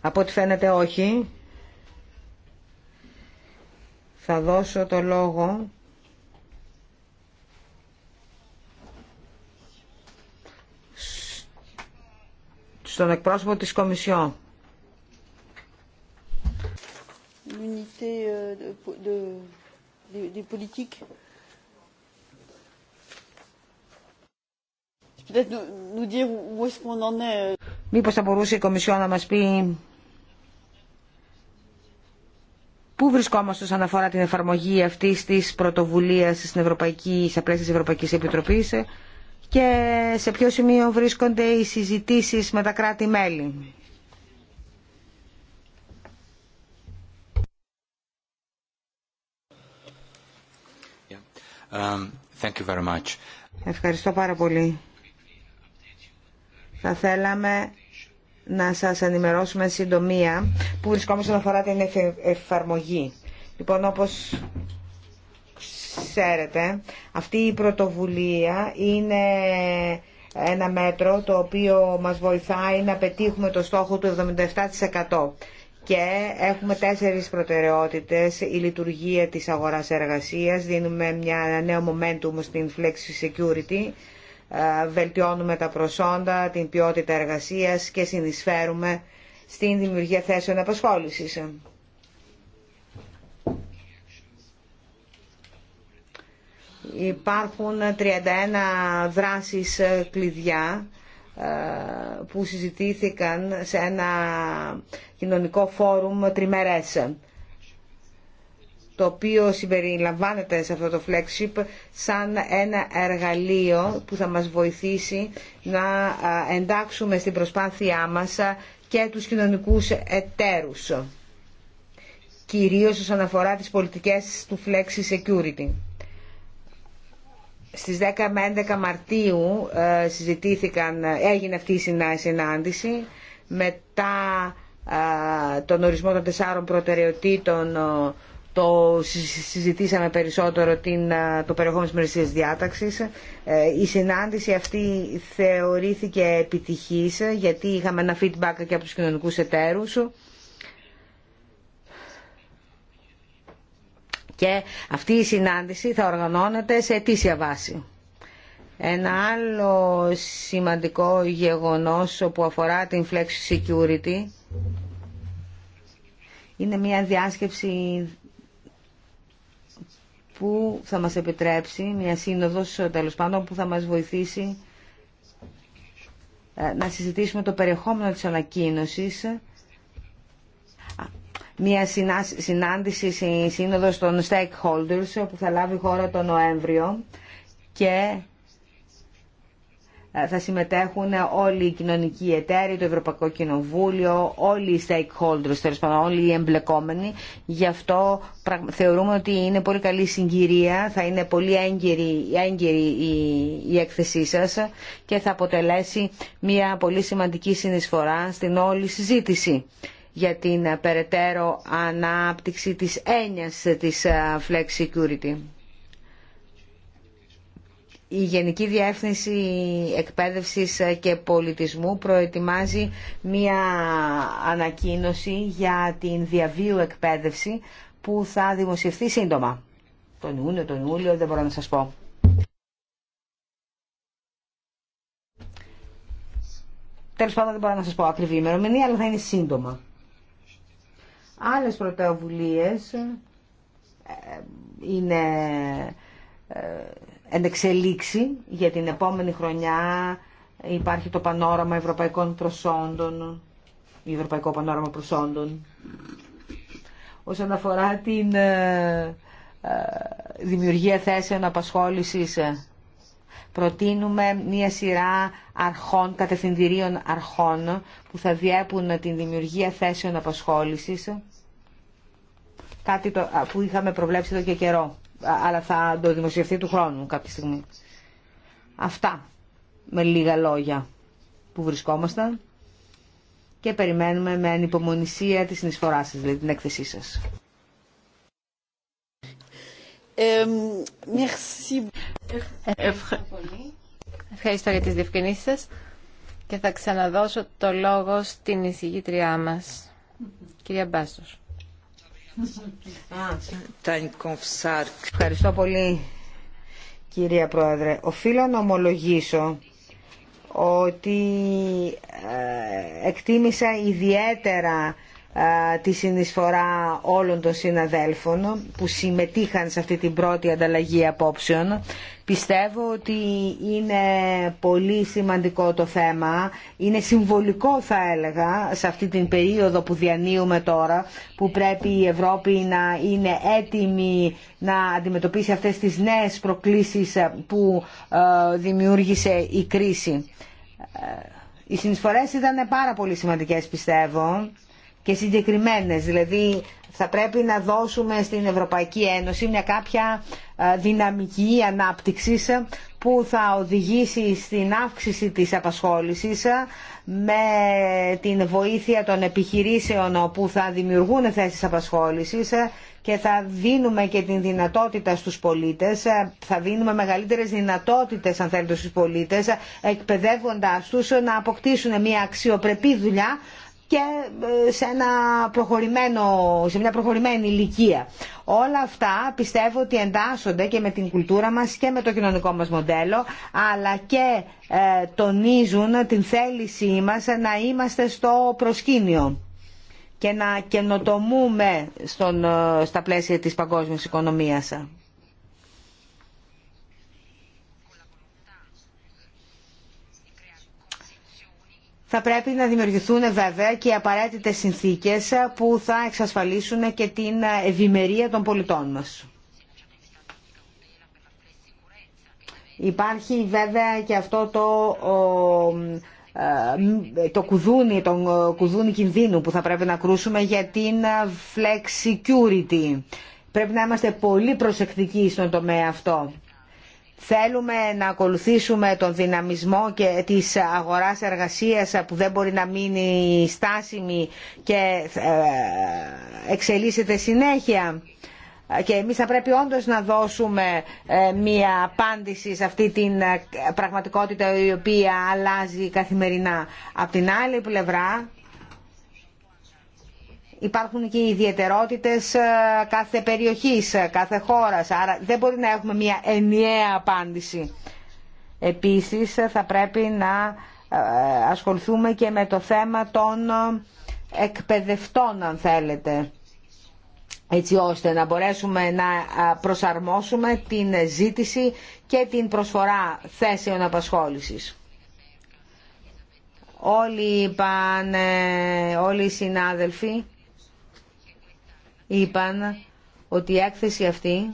Από ό,τι φαίνεται όχι. Θα δώσω το λόγο στον εκπρόσωπο της Κομισιόν. Μήπως θα μπορούσε η Κομισιό να μας πει Πού βρισκόμαστε όσον αφορά την εφαρμογή αυτή τη πρωτοβουλία στην Ευρωπαϊκή, στα πλαίσια τη Ευρωπαϊκή Επιτροπή και σε ποιο σημείο βρίσκονται οι συζητήσει με τα κράτη-μέλη. Um, Ευχαριστώ πάρα πολύ. Θα θέλαμε να σας ενημερώσουμε συντομία που βρισκόμαστε να αφορά την εφαρμογή. Λοιπόν, όπως ξέρετε, αυτή η πρωτοβουλία είναι ένα μέτρο το οποίο μας βοηθάει να πετύχουμε το στόχο του 77% και έχουμε τέσσερις προτεραιότητες, η λειτουργία της αγοράς εργασίας, δίνουμε μια, ένα νέο momentum στην Flexi Security, βελτιώνουμε τα προσόντα, την ποιότητα εργασίας και συνεισφέρουμε στην δημιουργία θέσεων απασχόλησης. Υπάρχουν 31 δράσεις κλειδιά που συζητήθηκαν σε ένα κοινωνικό φόρουμ τριμερές το οποίο συμπεριλαμβάνεται σε αυτό το FLEXSHIP σαν ένα εργαλείο που θα μας βοηθήσει να εντάξουμε στην προσπάθειά μας και τους κοινωνικούς εταίρους, κυρίως όσον αφορά τις πολιτικές του Flexi Security. Στις 10 με 11 Μαρτίου ε, συζητήθηκαν, έγινε αυτή η συνάντηση, μετά ε, τον ορισμό των τεσσάρων προτεραιοτήτων το συζητήσαμε περισσότερο την, το περιεχόμενο της μερισίας διάταξης. Ε, η συνάντηση αυτή θεωρήθηκε επιτυχής γιατί είχαμε ένα feedback και από τους κοινωνικούς εταίρους. Και αυτή η συνάντηση θα οργανώνεται σε αιτήσια βάση. Ένα άλλο σημαντικό γεγονός που αφορά την Flex Security είναι μια διάσκεψη που θα μας επιτρέψει, μια σύνοδος τέλος πάντων που θα μας βοηθήσει ε, να συζητήσουμε το περιεχόμενο της ανακοίνωσης μια συνάντηση σύνοδος των stakeholders που θα λάβει χώρα τον Νοέμβριο και ε, θα συμμετέχουν όλοι οι κοινωνικοί εταίροι, το Ευρωπαϊκό Κοινοβούλιο, όλοι οι stakeholders, τέλος πάντων, όλοι οι εμπλεκόμενοι. Γι' αυτό θεωρούμε ότι είναι πολύ καλή συγκυρία, θα είναι πολύ έγκυρη, η, η έκθεσή σας και θα αποτελέσει μια πολύ σημαντική συνεισφορά στην όλη συζήτηση για την ε, περαιτέρω ανάπτυξη της έννοιας της ε, Flex Security η Γενική Διεύθυνση Εκπαίδευσης και Πολιτισμού προετοιμάζει μία ανακοίνωση για την διαβίου εκπαίδευση που θα δημοσιευθεί σύντομα. Τον Ιούνιο, τον Ιούλιο, δεν μπορώ να σας πω. Τέλος πάντων δεν μπορώ να σας πω ακριβή ημερομηνία, αλλά θα είναι σύντομα. Άλλες ε, είναι ε, ενεξελίξει για την επόμενη χρονιά. Υπάρχει το πανόραμα ευρωπαϊκών προσόντων, ευρωπαϊκό πανόραμα προσόντων. Όσον αφορά την ε, ε, δημιουργία θέσεων απασχόλησης, ε, προτείνουμε μία σειρά αρχών, κατευθυντηρίων αρχών, που θα διέπουν την δημιουργία θέσεων απασχόλησης, κάτι που είχαμε προβλέψει εδώ και καιρό αλλά θα το δημοσιευτεί του χρόνου κάποια στιγμή. Αυτά με λίγα λόγια που βρισκόμασταν και περιμένουμε με ανυπομονησία τη συνεισφορά σα δηλαδή την έκθεσή σας. Ευχαριστώ για τις διευκρινήσεις σας και θα ξαναδώσω το λόγο στην εισηγήτριά μας, κυρία Μπάστος. Ευχαριστώ πολύ κυρία Πρόεδρε. Οφείλω να ομολογήσω ότι ε, εκτίμησα ιδιαίτερα τη συνεισφορά όλων των συναδέλφων που συμμετείχαν σε αυτή την πρώτη ανταλλαγή απόψεων. Πιστεύω ότι είναι πολύ σημαντικό το θέμα, είναι συμβολικό θα έλεγα σε αυτή την περίοδο που διανύουμε τώρα που πρέπει η Ευρώπη να είναι έτοιμη να αντιμετωπίσει αυτές τις νέες προκλήσεις που ε, δημιούργησε η κρίση. Ε, οι συνεισφορές ήταν πάρα πολύ σημαντικές πιστεύω και συγκεκριμένες. Δηλαδή θα πρέπει να δώσουμε στην Ευρωπαϊκή Ένωση μια κάποια ε, δυναμική ανάπτυξη ε, που θα οδηγήσει στην αύξηση της απασχόλησης ε, με την βοήθεια των επιχειρήσεων που θα δημιουργούν θέσεις απασχόλησης και θα δίνουμε και την δυνατότητα στους πολίτες, θα δίνουμε μεγαλύτερες δυνατότητες αν θέλετε στους πολίτες, εκπαιδεύοντας τους να αποκτήσουν μια αξιοπρεπή δουλειά και ε, σε, προχωρημένο, σε μια προχωρημένη ηλικία. Όλα αυτά πιστεύω ότι εντάσσονται και με την κουλτούρα μας και με το κοινωνικό μας μοντέλο, αλλά και ε, τονίζουν την θέλησή μας να είμαστε στο προσκήνιο και να καινοτομούμε στον, ε, στα πλαίσια της παγκόσμιας οικονομίας. θα πρέπει να δημιουργηθούν βέβαια και οι απαραίτητες συνθήκες που θα εξασφαλίσουν και την ευημερία των πολιτών μας. Υπάρχει βέβαια και αυτό το, ε, το κουδούνι, τον κουδούνι κινδύνου που θα πρέπει να κρούσουμε για την flex security. Πρέπει να είμαστε πολύ προσεκτικοί στον τομέα αυτό θέλουμε να ακολουθήσουμε τον δυναμισμό και της αγοράς εργασίας που δεν μπορεί να μείνει στάσιμη και ε, εξελίσσεται συνέχεια και εμείς θα πρέπει όντως να δώσουμε ε, μία απάντηση σε αυτή την ε, πραγματικότητα η οποία αλλάζει καθημερινά. Απ' την άλλη πλευρά υπάρχουν και οι ιδιαιτερότητες ε, κάθε περιοχής, ε, κάθε χώρας, άρα δεν μπορεί να έχουμε μια ενιαία απάντηση. Επίσης ε, θα πρέπει να ασχοληθούμε και με το θέμα των εκπαιδευτών αν θέλετε έτσι ώστε να μπορέσουμε να προσαρμόσουμε την ζήτηση και την προσφορά θέσεων απασχόλησης. Όλοι, όλοι οι συνάδελφοι είπαν ότι η έκθεση αυτή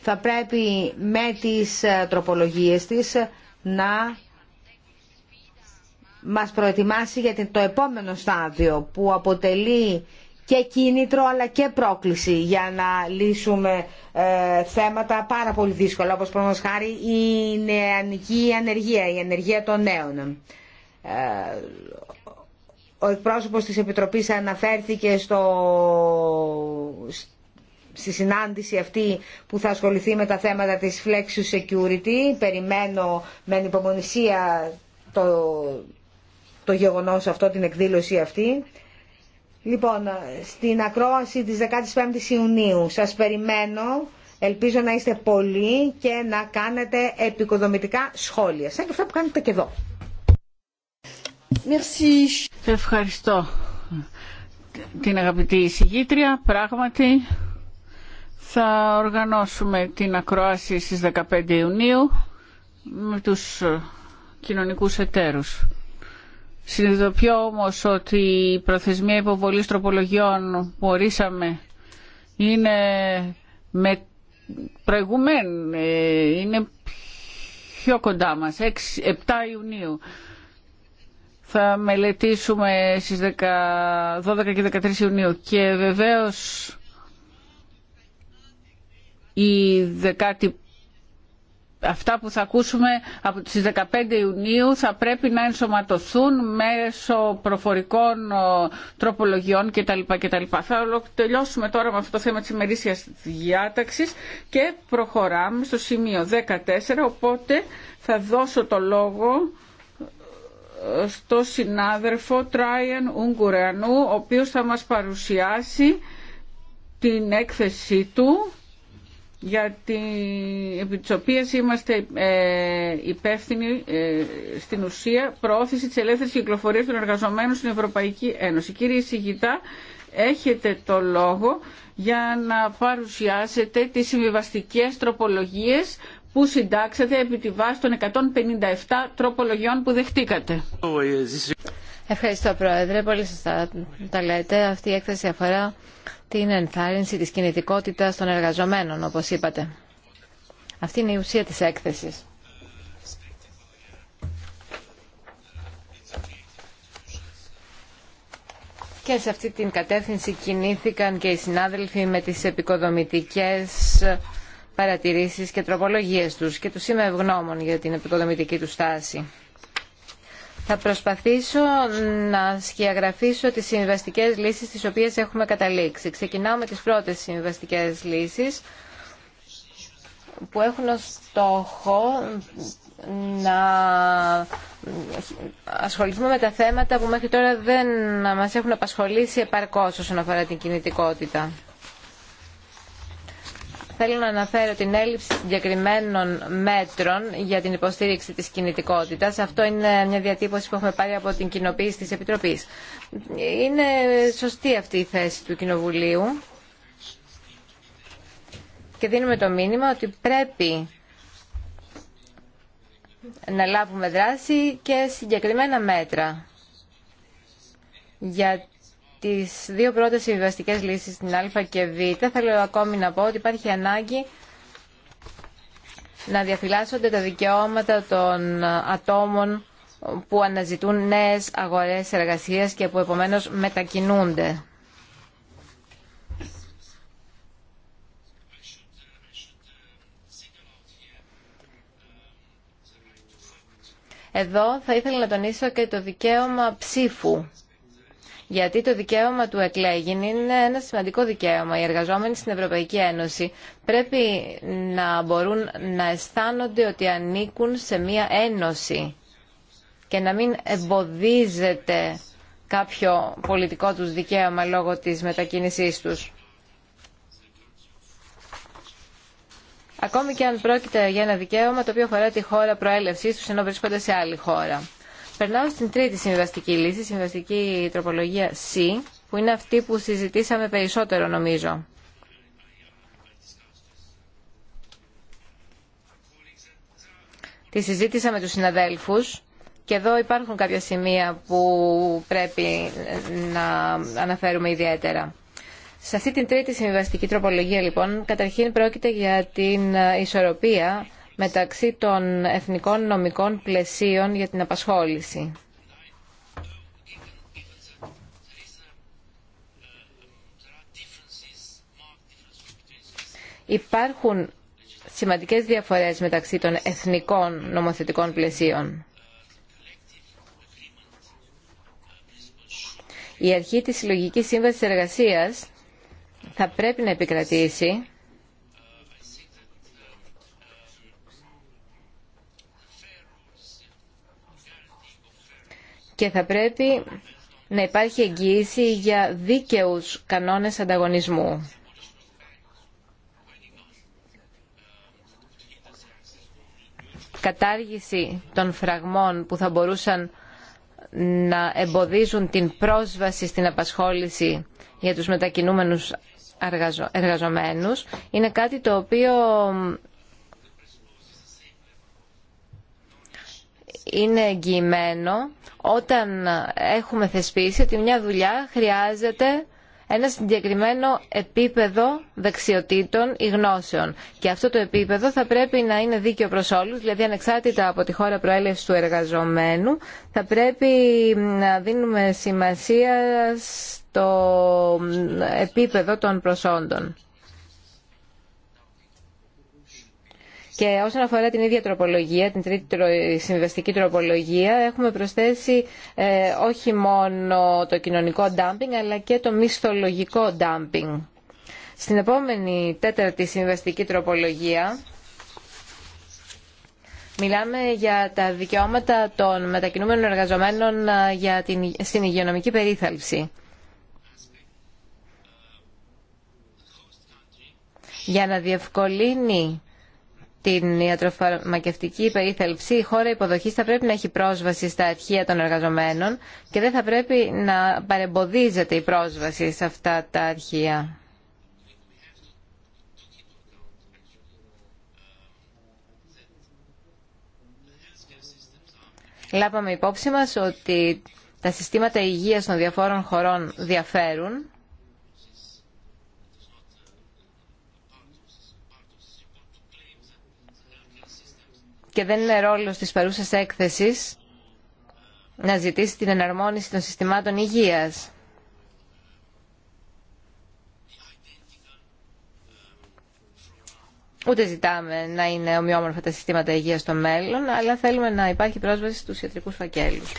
θα πρέπει με τις ε, τροπολογίες της να μας προετοιμάσει για το επόμενο στάδιο που αποτελεί και κίνητρο αλλά και πρόκληση για να λύσουμε ε, θέματα πάρα πολύ δύσκολα όπως προς χάρη η νεανική ανεργία, η ανεργία των νέων. Ε, ο εκπρόσωπος της Επιτροπής αναφέρθηκε στο, στη συνάντηση αυτή που θα ασχοληθεί με τα θέματα της Flexus Security. Περιμένω με ανυπομονησία το, το γεγονός αυτό, την εκδήλωση αυτή. Λοιπόν, στην ακρόαση της 15ης Ιουνίου σας περιμένω. Ελπίζω να είστε πολλοί και να κάνετε επικοδομητικά σχόλια, σαν και αυτά που κάνετε και εδώ. Merci. Ευχαριστώ την αγαπητή εισηγήτρια. Πράγματι θα οργανώσουμε την ακρόαση στις 15 Ιουνίου με τους ε, κοινωνικούς εταίρους. Συνειδητοποιώ όμως ότι η προθεσμία υποβολής τροπολογιών που ορίσαμε είναι με προηγουμένη, ε, είναι πιο κοντά μας, 6, 7 Ιουνίου θα μελετήσουμε στις 12 και 13 Ιουνίου. Και βεβαίως η αυτά που θα ακούσουμε από τις 15 Ιουνίου θα πρέπει να ενσωματωθούν μέσω προφορικών τροπολογιών κτλ. κτλ. Θα τελειώσουμε τώρα με αυτό το θέμα της ημερήσιας διάταξης και προχωράμε στο σημείο 14, οπότε θα δώσω το λόγο στο συνάδελφο Τράιεν Ουγγουρεανού, ο οποίος θα μας παρουσιάσει την έκθεσή του για της οποίας είμαστε ε, υπεύθυνοι ε, στην ουσία προώθηση της ελεύθερης κυκλοφορίας των εργαζομένων στην Ευρωπαϊκή Ένωση. Κύριε Σιγητά, έχετε το λόγο για να παρουσιάσετε τις συμβιβαστικές τροπολογίες που συντάξατε επί τη βάση των 157 τροπολογιών που δεχτήκατε. Ευχαριστώ Πρόεδρε, πολύ σωστά τα λέτε. Αυτή η έκθεση αφορά την ενθάρρυνση της κινητικότητας των εργαζομένων, όπως είπατε. Αυτή είναι η ουσία της έκθεσης. Και σε αυτή την κατεύθυνση κινήθηκαν και οι συνάδελφοι με τις επικοδομητικές παρατηρήσεις και τροπολογίες τους και τους είμαι ευγνώμων για την επικοδομητική του στάση. Θα προσπαθήσω να σκιαγραφίσω τις συμβαστικές λύσεις τις οποίες έχουμε καταλήξει. Ξεκινάω με τις πρώτες συμβαστικές λύσεις που έχουν ως στόχο να ασχοληθούμε με τα θέματα που μέχρι τώρα δεν μας έχουν απασχολήσει επαρκώς όσον αφορά την κινητικότητα θέλω να αναφέρω την έλλειψη συγκεκριμένων μέτρων για την υποστήριξη της κινητικότητας. Αυτό είναι μια διατύπωση που έχουμε πάρει από την κοινοποίηση της Επιτροπής. Είναι σωστή αυτή η θέση του Κοινοβουλίου και δίνουμε το μήνυμα ότι πρέπει να λάβουμε δράση και συγκεκριμένα μέτρα για τις δύο πρώτες συμβιβαστικέ λύσεις, την Α και Β, θέλω ακόμη να πω ότι υπάρχει ανάγκη να διαφυλάσσονται τα δικαιώματα των ατόμων που αναζητούν νέες αγορές εργασίας και που επομένως μετακινούνται. Εδώ θα ήθελα να τονίσω και το δικαίωμα ψήφου γιατί το δικαίωμα του εκλέγην είναι ένα σημαντικό δικαίωμα. Οι εργαζόμενοι στην Ευρωπαϊκή Ένωση πρέπει να μπορούν να αισθάνονται ότι ανήκουν σε μία ένωση και να μην εμποδίζεται κάποιο πολιτικό τους δικαίωμα λόγω της μετακίνησής τους. Ακόμη και αν πρόκειται για ένα δικαίωμα το οποίο αφορά τη χώρα προέλευσής τους ενώ βρίσκονται σε άλλη χώρα. Περνάω στην τρίτη συμβιβαστική λύση, συμβιβαστική τροπολογία C, που είναι αυτή που συζητήσαμε περισσότερο νομίζω. Τη συζήτησα με τους συναδέλφους και εδώ υπάρχουν κάποια σημεία που πρέπει να αναφέρουμε ιδιαίτερα. Σε αυτή την τρίτη συμβιβαστική τροπολογία λοιπόν, καταρχήν πρόκειται για την ισορροπία μεταξύ των εθνικών νομικών πλαισίων για την απασχόληση. Υπάρχουν σημαντικές διαφορές μεταξύ των εθνικών νομοθετικών πλαισίων. Η αρχή της συλλογικής σύμβασης εργασίας θα πρέπει να επικρατήσει και θα πρέπει να υπάρχει εγγύηση για δίκαιους κανόνες ανταγωνισμού. Κατάργηση των φραγμών που θα μπορούσαν να εμποδίζουν την πρόσβαση στην απασχόληση για τους μετακινούμενους εργαζομένους είναι κάτι το οποίο είναι εγγυημένο όταν έχουμε θεσπίσει ότι μια δουλειά χρειάζεται ένα συγκεκριμένο επίπεδο δεξιοτήτων ή γνώσεων. Και αυτό το επίπεδο θα πρέπει να είναι δίκαιο προς όλους, δηλαδή ανεξάρτητα από τη χώρα προέλευσης του εργαζομένου, θα πρέπει να δίνουμε σημασία στο επίπεδο των προσόντων. Και όσον αφορά την ίδια τροπολογία, την τρίτη συμβιβαστική τροπολογία, έχουμε προσθέσει ε, όχι μόνο το κοινωνικό ντάμπινγκ αλλά και το μισθολογικό ντάμπινγκ. Στην επόμενη τέταρτη συμβαστική τροπολογία, Μιλάμε για τα δικαιώματα των μετακινούμενων εργαζομένων ε, για την, στην υγειονομική περίθαλψη. Για να διευκολύνει την ιατροφαρμακευτική περίθαλψη, η χώρα υποδοχής θα πρέπει να έχει πρόσβαση στα αρχεία των εργαζομένων και δεν θα πρέπει να παρεμποδίζεται η πρόσβαση σε αυτά τα αρχεία. Λάβαμε υπόψη μας ότι τα συστήματα υγείας των διαφόρων χωρών διαφέρουν και δεν είναι ρόλο της παρούσας έκθεσης να ζητήσει την εναρμόνιση των συστημάτων υγείας. Ούτε ζητάμε να είναι ομοιόμορφα τα συστήματα υγείας στο μέλλον, αλλά θέλουμε να υπάρχει πρόσβαση στους ιατρικούς φακέλους.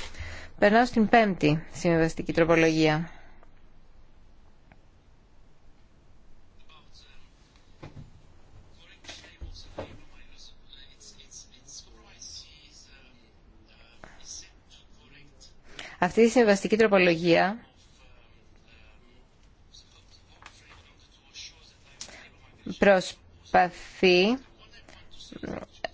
Περνάω στην πέμπτη συμβιβαστική τροπολογία. Αυτή η σεβαστική τροπολογία προσπαθεί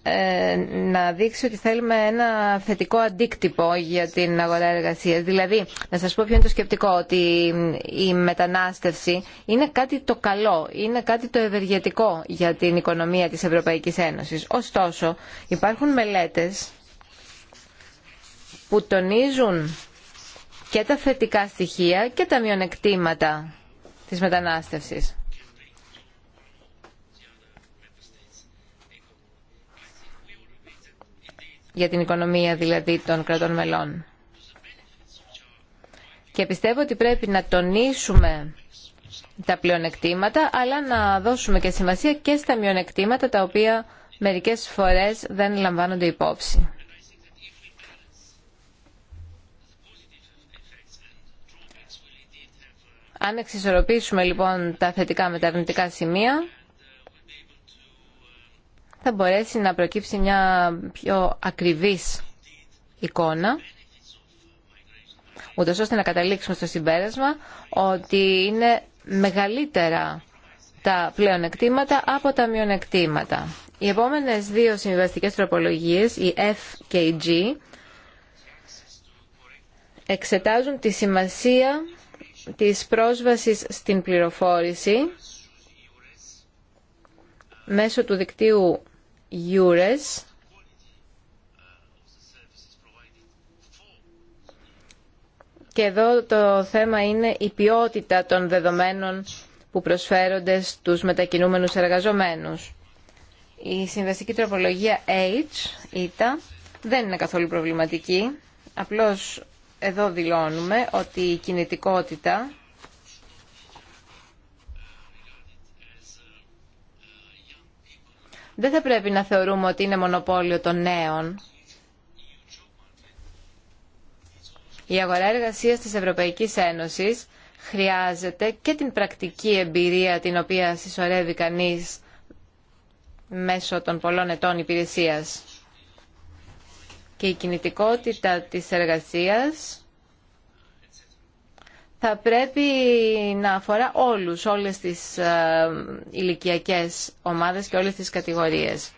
ε, να δείξει ότι θέλουμε ένα θετικό αντίκτυπο για την αγορά εργασίας. Δηλαδή, να σας πω ποιο είναι το σκεπτικό, ότι η μετανάστευση είναι κάτι το καλό, είναι κάτι το ευεργετικό για την οικονομία της Ευρωπαϊκής Ένωσης. Ωστόσο, υπάρχουν μελέτες που τονίζουν και τα θετικά στοιχεία και τα μειονεκτήματα της μετανάστευσης. για την οικονομία δηλαδή των κρατών μελών. Και πιστεύω ότι πρέπει να τονίσουμε τα πλεονεκτήματα, αλλά να δώσουμε και σημασία και στα μειονεκτήματα τα οποία μερικές φορές δεν λαμβάνονται υπόψη. Αν εξισορροπήσουμε λοιπόν τα θετικά με τα αρνητικά σημεία, θα μπορέσει να προκύψει μια πιο ακριβής εικόνα, ούτω ώστε να καταλήξουμε στο συμπέρασμα ότι είναι μεγαλύτερα τα πλεονεκτήματα από τα μειονεκτήματα. Οι επόμενες δύο συμβιβαστικές τροπολογίες, η F και η G, εξετάζουν τη σημασία της πρόσβασης στην πληροφόρηση μέσω του δικτύου EURES και εδώ το θέμα είναι η ποιότητα των δεδομένων που προσφέρονται στους μετακινούμενους εργαζομένους. Η συνδεστική τροπολογία H, ήτα, δεν είναι καθόλου προβληματική. Απλώς εδώ δηλώνουμε ότι η κινητικότητα δεν θα πρέπει να θεωρούμε ότι είναι μονοπόλιο των νέων. Η αγορά εργασίας της Ευρωπαϊκής Ένωσης χρειάζεται και την πρακτική εμπειρία την οποία συσσωρεύει κανείς μέσω των πολλών ετών υπηρεσίας και η κινητικότητα της εργασίας θα πρέπει να αφορά όλους, όλες τις ε, ηλικιακές ομάδες και όλες τις κατηγορίες.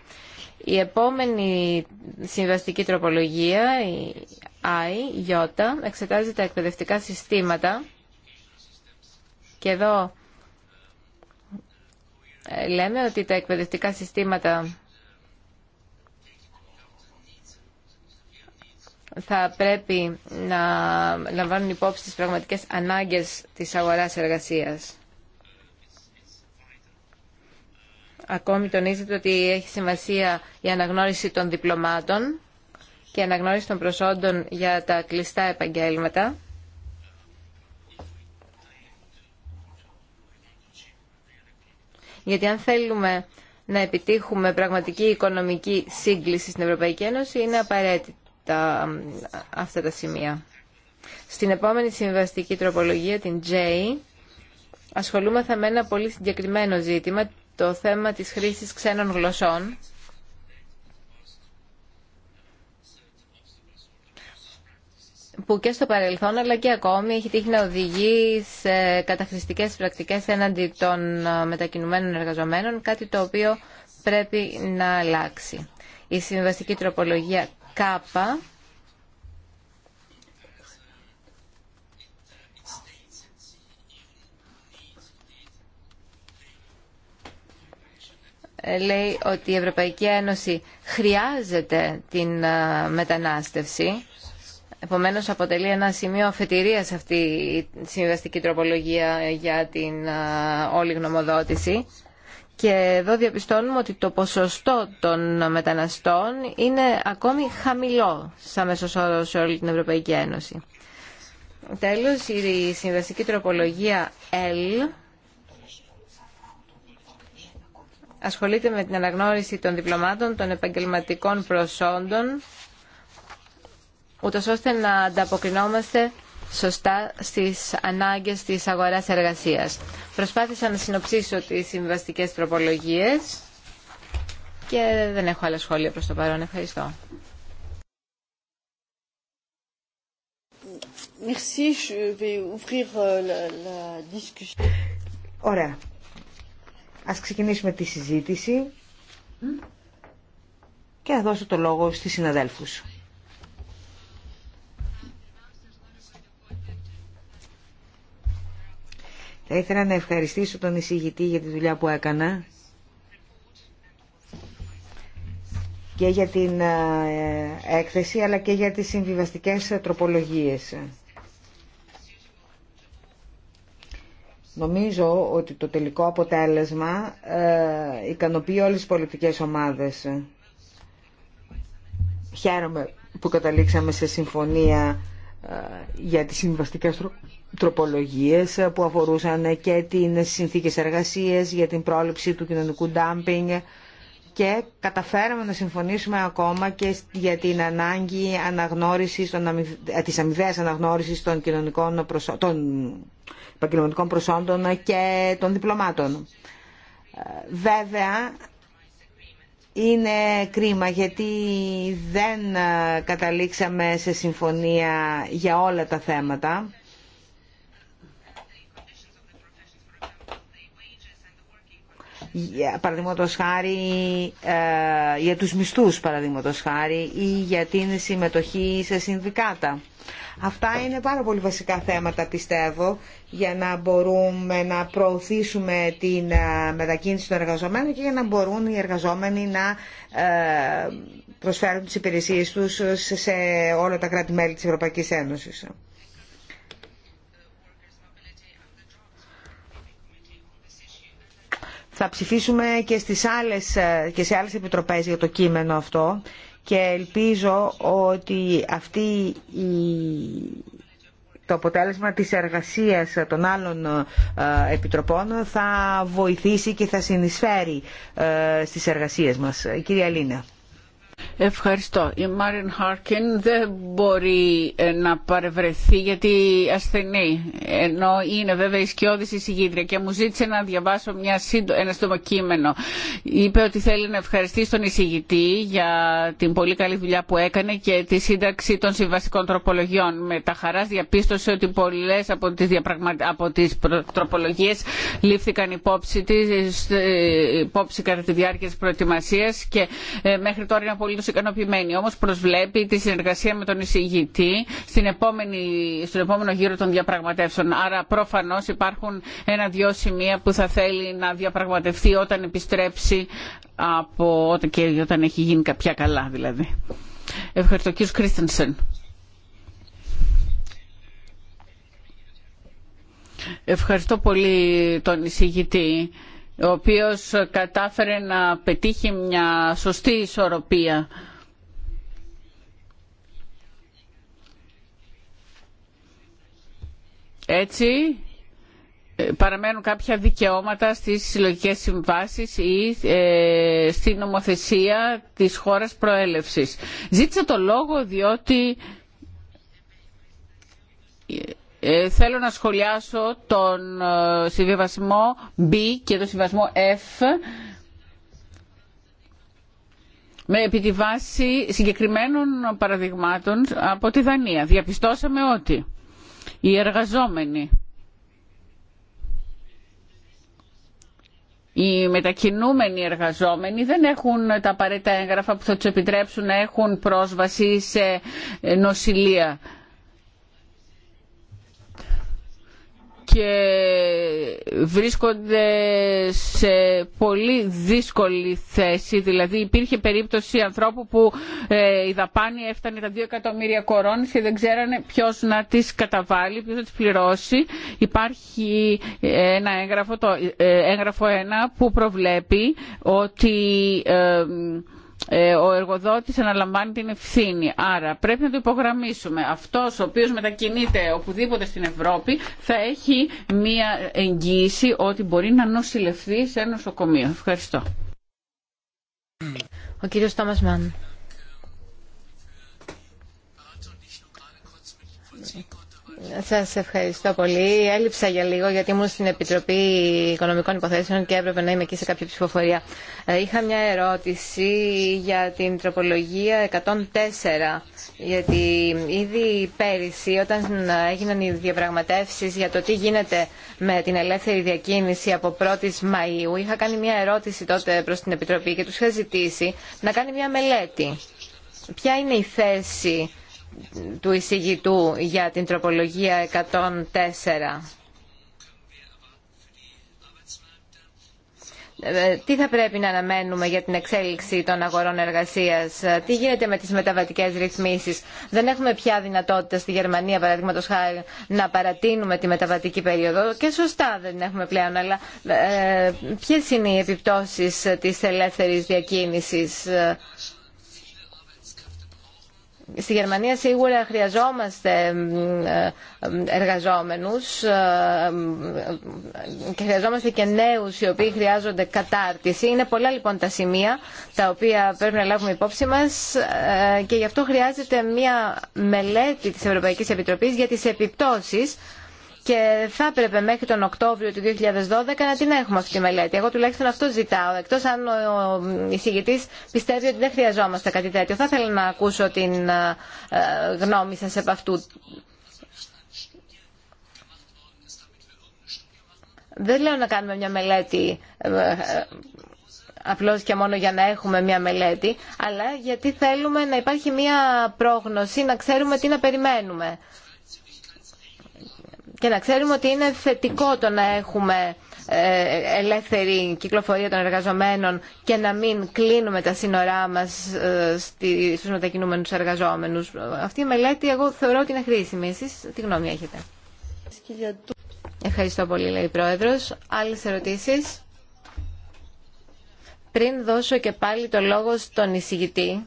Η επόμενη συμβαστική τροπολογία, η I, Ι, εξετάζει τα εκπαιδευτικά συστήματα και εδώ ε, λέμε ότι τα εκπαιδευτικά συστήματα θα πρέπει να λαμβάνουν υπόψη τις πραγματικές ανάγκες της αγοράς εργασίας. Ακόμη τονίζεται ότι έχει σημασία η αναγνώριση των διπλωμάτων και η αναγνώριση των προσόντων για τα κλειστά επαγγέλματα. Γιατί αν θέλουμε να επιτύχουμε πραγματική οικονομική σύγκληση στην Ευρωπαϊκή Ένωση είναι απαραίτητο αυτά τα σημεία. Στην επόμενη συμβαστική τροπολογία, την J, ασχολούμαστε με ένα πολύ συγκεκριμένο ζήτημα, το θέμα της χρήσης ξένων γλωσσών. που και στο παρελθόν αλλά και ακόμη έχει τύχει να οδηγεί σε καταχρηστικές πρακτικές έναντι των μετακινουμένων εργαζομένων, κάτι το οποίο πρέπει να αλλάξει. Η συμβαστική τροπολογία λέει ότι η Ευρωπαϊκή Ένωση χρειάζεται την ε, μετανάστευση. Επομένως αποτελεί ένα σημείο αφετηρίας αυτή η συμβαστική τροπολογία για την ε, όλη γνωμοδότηση. Και εδώ διαπιστώνουμε ότι το ποσοστό των μεταναστών είναι ακόμη χαμηλό σαν μέσο όρο σε όλη την Ευρωπαϊκή Ένωση. Τέλος, η συνδεσική τροπολογία L ασχολείται με την αναγνώριση των διπλωμάτων των επαγγελματικών προσόντων ούτως ώστε να ανταποκρινόμαστε σωστά στις ανάγκες της αγοράς εργασίας. Προσπάθησα να συνοψίσω τις συμβαστικές τροπολογίες και δεν έχω άλλα σχόλια προς το παρόν. Ευχαριστώ. Euh, Ωραία. Ας ξεκινήσουμε τη συζήτηση hm? και θα δώσω το λόγο στις συναδέλφους. Θα ήθελα να ευχαριστήσω τον εισηγητή για τη δουλειά που έκανα και για την ε, έκθεση αλλά και για τις συμβιβαστικές τροπολογίες. Νομίζω ότι το τελικό αποτέλεσμα ε, ικανοποιεί όλες τις πολιτικές ομάδες. Χαίρομαι που καταλήξαμε σε συμφωνία ε, για τις συμβαστικές τροπολογίες τροπολογίες που αφορούσαν και τις συνθήκες εργασίας για την πρόληψη του κοινωνικού ντάμπινγκ και καταφέραμε να συμφωνήσουμε ακόμα και για την ανάγκη αναγνώρισης των, ε, της αμοιβαίας των, κοινωνικών προσω... των επαγγελματικών προσόντων και των διπλωμάτων. Ε, βέβαια, είναι κρίμα γιατί δεν ε, καταλήξαμε σε συμφωνία για όλα τα θέματα παραδείγματος χάρη ε, για τους μισθούς παραδείγματος χάρη ή για την συμμετοχή σε συνδικάτα. Αυτά είναι πάρα πολύ βασικά θέματα πιστεύω για να μπορούμε να προωθήσουμε την ε, μετακίνηση των εργαζομένων και για να μπορούν οι εργαζόμενοι να ε, προσφέρουν τις υπηρεσίες τους σε όλα τα κράτη-μέλη της Ευρωπαϊκής Ένωσης. Θα ψηφίσουμε και, και σε άλλες επιτροπές για το κείμενο αυτό και ελπίζω ότι αυτή το αποτέλεσμα της εργασίας των άλλων ε, επιτροπών θα βοηθήσει και θα συνεισφέρει ε, στις εργασίες μας. Ε, κυρία Λίνα. Ευχαριστώ. Η Μάριν Χάρκιν δεν μπορεί ε, να παρευρεθεί γιατί ασθενεί. Ενώ είναι βέβαια η σκιώδης εισηγήτρια και μου ζήτησε να διαβάσω μια σύντο, ένα σύντομο κείμενο. Είπε ότι θέλει να ευχαριστήσει τον εισηγητή για την πολύ καλή δουλειά που έκανε και τη σύνταξη των συμβασικών τροπολογιών. Με τα χαρά διαπίστωσε ότι πολλέ από τι διαπραγμα... από λήφθηκαν υπόψη, της, ε, υπόψη κατά τη διάρκεια τη προετοιμασία και ε, μέχρι τώρα είναι πολύ απολύτω ικανοποιημένη. Όμως προσβλέπει τη συνεργασία με τον εισηγητή στην επόμενη, στον επόμενο γύρο των διαπραγματεύσεων. Άρα, προφανώς υπάρχουν ένα-δυο σημεία που θα θέλει να διαπραγματευτεί όταν επιστρέψει από όταν, και όταν έχει γίνει κάποια καλά δηλαδή. Ευχαριστώ κύριος Κρίστενσεν. Ευχαριστώ πολύ τον εισηγητή ο οποίος κατάφερε να πετύχει μια σωστή ισορροπία. Έτσι ε, παραμένουν κάποια δικαιώματα στις συλλογικές συμβάσεις ή ε, στην νομοθεσία της χώρας προέλευσης. Ζήτησα το λόγο διότι ε, θέλω να σχολιάσω τον ε, συμβιβασμό B και τον συμβιβασμό F με επί τη βάση συγκεκριμένων παραδειγμάτων από τη Δανία. Διαπιστώσαμε ότι οι εργαζόμενοι, οι μετακινούμενοι εργαζόμενοι δεν έχουν τα απαραίτητα έγγραφα που θα τους επιτρέψουν να έχουν πρόσβαση σε νοσηλεία και βρίσκονται σε πολύ δύσκολη θέση. Δηλαδή υπήρχε περίπτωση ανθρώπου που ε, η δαπάνη έφτανε τα 2 εκατομμύρια κορώνες και δεν ξέρανε ποιος να τις καταβάλει, ποιος να τις πληρώσει. Υπάρχει ε, ένα έγγραφο, το ε, έγγραφο ένα που προβλέπει ότι ε, ο εργοδότης αναλαμβάνει την ευθύνη. Άρα πρέπει να το υπογραμμίσουμε. Αυτός ο οποίος μετακινείται οπουδήποτε στην Ευρώπη θα έχει μία εγγύηση ότι μπορεί να νοσηλευθεί σε ένα νοσοκομείο. Ευχαριστώ. Ο κύριος Σας ευχαριστώ πολύ. Έλειψα για λίγο γιατί ήμουν στην Επιτροπή Οικονομικών Υποθέσεων και έπρεπε να είμαι εκεί σε κάποια ψηφοφορία. Ε, είχα μια ερώτηση για την τροπολογία 104. Γιατί ήδη πέρυσι όταν έγιναν οι διαπραγματεύσεις για το τι γίνεται με την ελεύθερη διακίνηση από 1η Μαΐου είχα κάνει μια ερώτηση τότε προς την Επιτροπή και τους είχα ζητήσει να κάνει μια μελέτη. Ποια είναι η θέση του εισηγητού για την τροπολογία 104. Ε, τι θα πρέπει να αναμένουμε για την εξέλιξη των αγορών εργασίας, ε, τι γίνεται με τις μεταβατικές ρυθμίσεις. Δεν έχουμε πια δυνατότητα στη Γερμανία, παραδείγματος χάρη, να παρατείνουμε τη μεταβατική περίοδο και σωστά δεν έχουμε πλέον, αλλά ε, ποιες είναι οι επιπτώσεις της ελεύθερης διακίνησης. Ε, στη Γερμανία σίγουρα χρειαζόμαστε ε, εργαζόμενους ε, και χρειαζόμαστε και νέους οι οποίοι χρειάζονται κατάρτιση. Είναι πολλά λοιπόν τα σημεία τα οποία πρέπει να λάβουμε υπόψη μας ε, και γι' αυτό χρειάζεται μια μελέτη της Ευρωπαϊκής Επιτροπής για τις επιπτώσεις και θα έπρεπε μέχρι τον Οκτώβριο του 2012 να την έχουμε αυτή τη μελέτη. Εγώ τουλάχιστον αυτό ζητάω. Εκτό αν ο εισηγητή πιστεύει ότι δεν χρειαζόμαστε κάτι τέτοιο. Θα ήθελα να ακούσω την ε, γνώμη σα επ' αυτού. Δεν λέω να κάνουμε μια μελέτη ε, ε, απλώς και μόνο για να έχουμε μια μελέτη, αλλά γιατί θέλουμε να υπάρχει μια πρόγνωση, να ξέρουμε τι να περιμένουμε και να ξέρουμε ότι είναι θετικό το να έχουμε ε, ελεύθερη κυκλοφορία των εργαζομένων και να μην κλείνουμε τα σύνορά μας ε, στους μετακινούμενους εργαζόμενους. Αυτή η μελέτη εγώ θεωρώ ότι είναι χρήσιμη. Εσείς τι γνώμη έχετε. Ευχαριστώ πολύ λέει η Πρόεδρος. Άλλες ερωτήσεις. Πριν δώσω και πάλι το λόγο στον εισηγητή,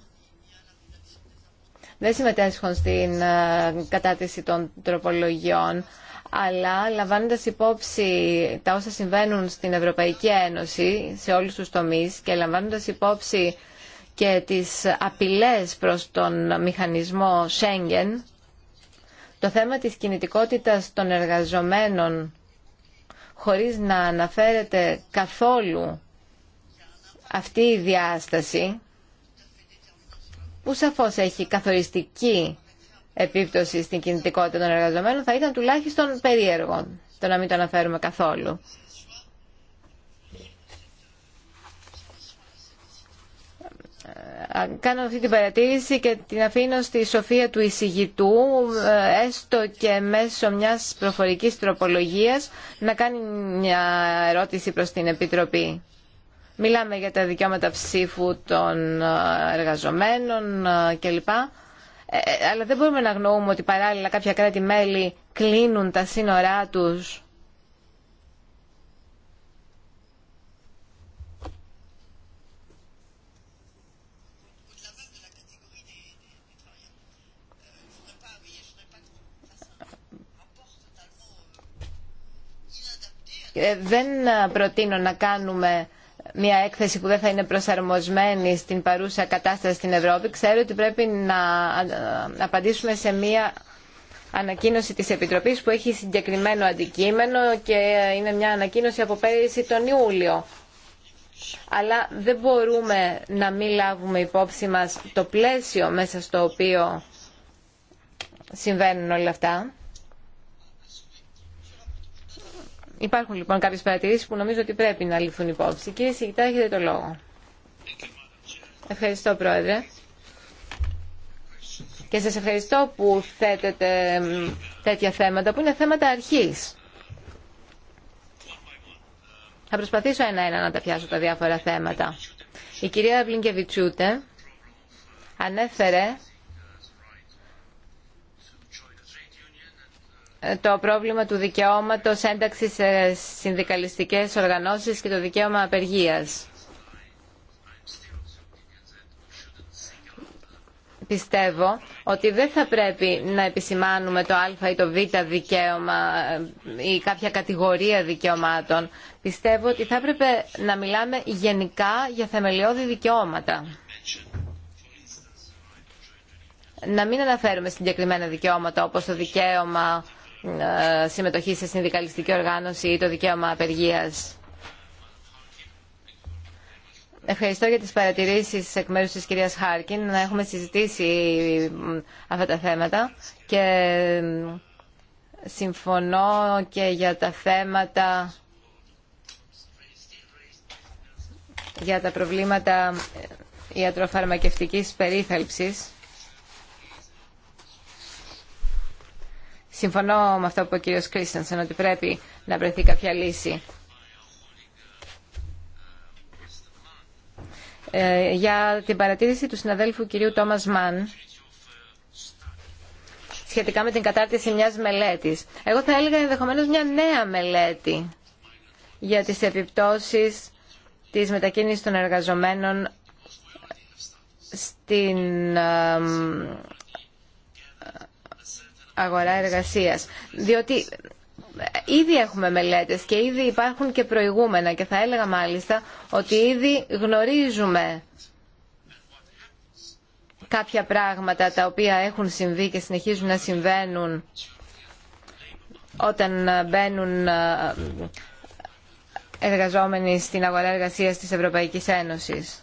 δεν συμμετέσχω στην ε, κατάτηση των τροπολογιών αλλά λαμβάνοντα υπόψη τα όσα συμβαίνουν στην Ευρωπαϊκή Ένωση σε όλους τους τομείς και λαμβάνοντα υπόψη και τις απειλές προς τον μηχανισμό Schengen, το θέμα της κινητικότητας των εργαζομένων χωρίς να αναφέρεται καθόλου αυτή η διάσταση που σαφώς έχει καθοριστική επίπτωση στην κινητικότητα των εργαζομένων θα ήταν τουλάχιστον περίεργο το να μην το αναφέρουμε καθόλου. Ε, κάνω αυτή την παρατήρηση και την αφήνω στη σοφία του εισηγητού, ε, έστω και μέσω μιας προφορικής τροπολογίας, να κάνει μια ερώτηση προς την Επιτροπή. Μιλάμε για τα δικαιώματα ψήφου των ε, εργαζομένων κλπ. Ε, ε, αλλά δεν μπορούμε να γνωρούμε ότι παράλληλα κάποια κράτη-μέλη κλείνουν τα σύνορά τους ε, δεν προτείνω να κάνουμε μια έκθεση που δεν θα είναι προσαρμοσμένη στην παρούσα κατάσταση στην Ευρώπη, ξέρω ότι πρέπει να ε, ε, απαντήσουμε σε μια ανακοίνωση της Επιτροπής που έχει συγκεκριμένο αντικείμενο και ε, είναι μια ανακοίνωση από πέρυσι τον Ιούλιο. Αλλά δεν μπορούμε να μην λάβουμε υπόψη μας το πλαίσιο μέσα στο οποίο συμβαίνουν όλα αυτά. Υπάρχουν λοιπόν κάποιε παρατηρήσει που νομίζω ότι πρέπει να ληφθούν υπόψη. Κύριε Σιγητά, έχετε το λόγο. Ευχαριστώ, Πρόεδρε. Και σας ευχαριστώ που θέτετε τέτοια θέματα, που είναι θέματα αρχής. Θα προσπαθήσω ένα-ένα να τα πιάσω τα διάφορα θέματα. Η κυρία Βλίνκεβιτσούτε ανέφερε το πρόβλημα του δικαιώματος ένταξης σε συνδικαλιστικές οργανώσεις και το δικαίωμα απεργίας. Πιστεύω ότι δεν θα πρέπει να επισημάνουμε το α ή το β δικαίωμα ε, ή κάποια κατηγορία δικαιωμάτων. Πιστεύω ότι θα έπρεπε να μιλάμε γενικά για θεμελιώδη δικαιώματα. Να μην αναφέρουμε συγκεκριμένα δικαιώματα όπως το δικαίωμα ε, συμμετοχή σε συνδικαλιστική οργάνωση ή το δικαίωμα απεργίας. Ευχαριστώ για τις παρατηρήσεις εκ μέρους της κυρίας Χάρκιν. Να έχουμε συζητήσει αυτά τα θέματα και συμφωνώ και για τα θέματα για τα προβλήματα ε, ιατροφαρμακευτικής περίθαλψης Συμφωνώ με αυτό που είπε ο κύριος Κρίστανσεν, ότι πρέπει να βρεθεί κάποια λύση. Ε, για την παρατήρηση του συναδέλφου κυρίου Τόμας Μαν σχετικά με την κατάρτιση μιας μελέτης. Εγώ θα έλεγα ενδεχομένως μια νέα μελέτη για τις επιπτώσεις της μετακίνησης των εργαζομένων στην ε, αγορά εργασίας. Διότι ήδη έχουμε μελέτες και ήδη υπάρχουν και προηγούμενα και θα έλεγα μάλιστα ότι ήδη γνωρίζουμε κάποια πράγματα τα οποία έχουν συμβεί και συνεχίζουν να συμβαίνουν όταν μπαίνουν ε, εργαζόμενοι στην αγορά εργασίας της Ευρωπαϊκής Ένωσης.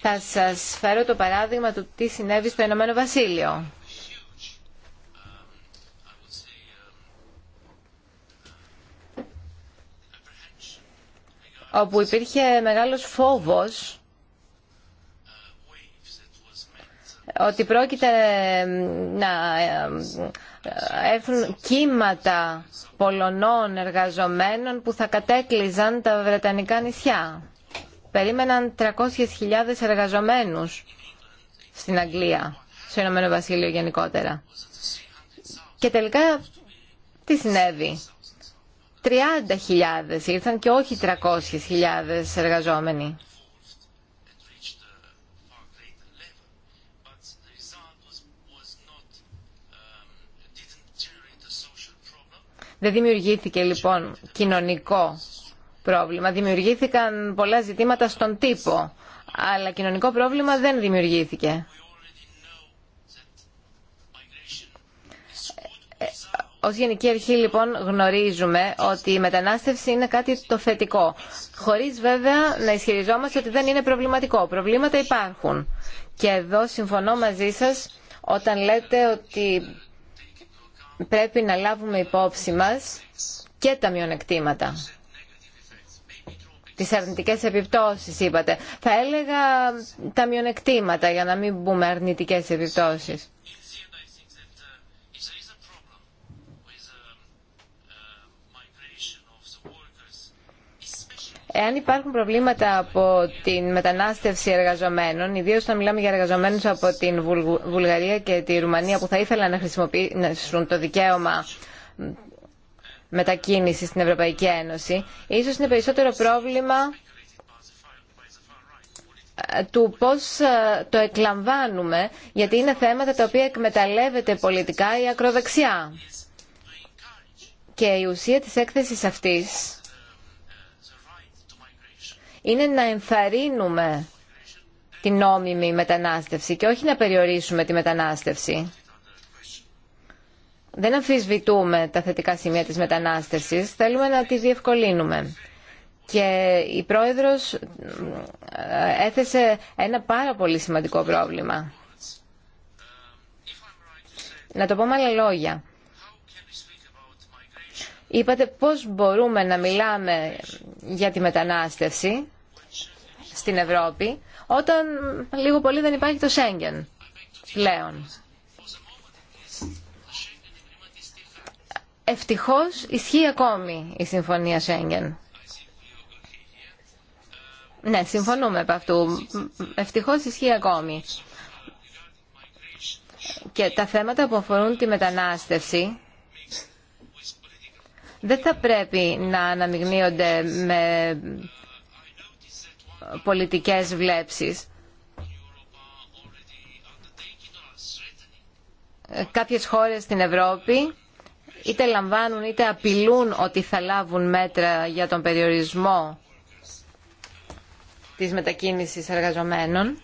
Θα σας φέρω το παράδειγμα του τι συνέβη στο Ηνωμένο Βασίλειο. όπου υπήρχε μεγάλος φόβος ότι πρόκειται να ε, έρθουν κύματα Πολωνών εργαζομένων που θα κατέκλυζαν τα Βρετανικά νησιά περίμεναν 300.000 εργαζομένους στην Αγγλία, στο Ηνωμένο Βασίλειο γενικότερα. Και τελικά τι συνέβη. 30.000 ήρθαν και όχι 300.000 εργαζόμενοι. Δεν δημιουργήθηκε λοιπόν κοινωνικό πρόβλημα. Δημιουργήθηκαν πολλά ζητήματα στον τύπο, αλλά κοινωνικό πρόβλημα δεν δημιουργήθηκε. Ως Γενική Αρχή λοιπόν γνωρίζουμε ότι η μετανάστευση είναι κάτι το θετικό. Χωρίς βέβαια να ισχυριζόμαστε ότι δεν είναι προβληματικό. Προβλήματα υπάρχουν. Και εδώ συμφωνώ μαζί σας όταν λέτε ότι πρέπει να λάβουμε υπόψη μας και τα μειονεκτήματα τις αρνητικέ επιπτώσεις είπατε. Θα έλεγα τα μειονεκτήματα για να μην πούμε αρνητικέ επιπτώσεις. Εάν υπάρχουν προβλήματα από την μετανάστευση εργαζομένων, ιδίως όταν μιλάμε για εργαζομένους από την Βουλγαρία και τη Ρουμανία που θα ήθελαν να χρησιμοποιήσουν το δικαίωμα μετακίνηση στην Ευρωπαϊκή Ένωση. Ίσως είναι περισσότερο πρόβλημα ε, του πώς ε, το εκλαμβάνουμε, γιατί είναι θέματα τα οποία εκμεταλλεύεται πολιτικά η ακροδεξιά. Και η ουσία της έκθεσης αυτής είναι να ενθαρρύνουμε την νόμιμη μετανάστευση και όχι να περιορίσουμε τη μετανάστευση. Δεν αμφισβητούμε τα θετικά σημεία της μετανάστευσης, θέλουμε να τη διευκολύνουμε. Και η Πρόεδρος ε, έθεσε ένα πάρα πολύ σημαντικό πρόβλημα. Να το πω με άλλα λόγια. Είπατε πώς μπορούμε να μιλάμε για τη μετανάστευση στην Ευρώπη όταν λίγο πολύ δεν υπάρχει το Σέγγεν πλέον. ευτυχώς ισχύει ακόμη η Συμφωνία Σέγγεν. Ναι, συμφωνούμε από αυτού. Ευτυχώς ισχύει ακόμη. Και τα θέματα που αφορούν τη μετανάστευση δεν θα πρέπει να αναμειγνύονται με πολιτικές βλέψεις. Κάποιες χώρες στην Ευρώπη είτε λαμβάνουν είτε απειλούν ότι θα λάβουν μέτρα για τον περιορισμό της μετακίνησης εργαζομένων.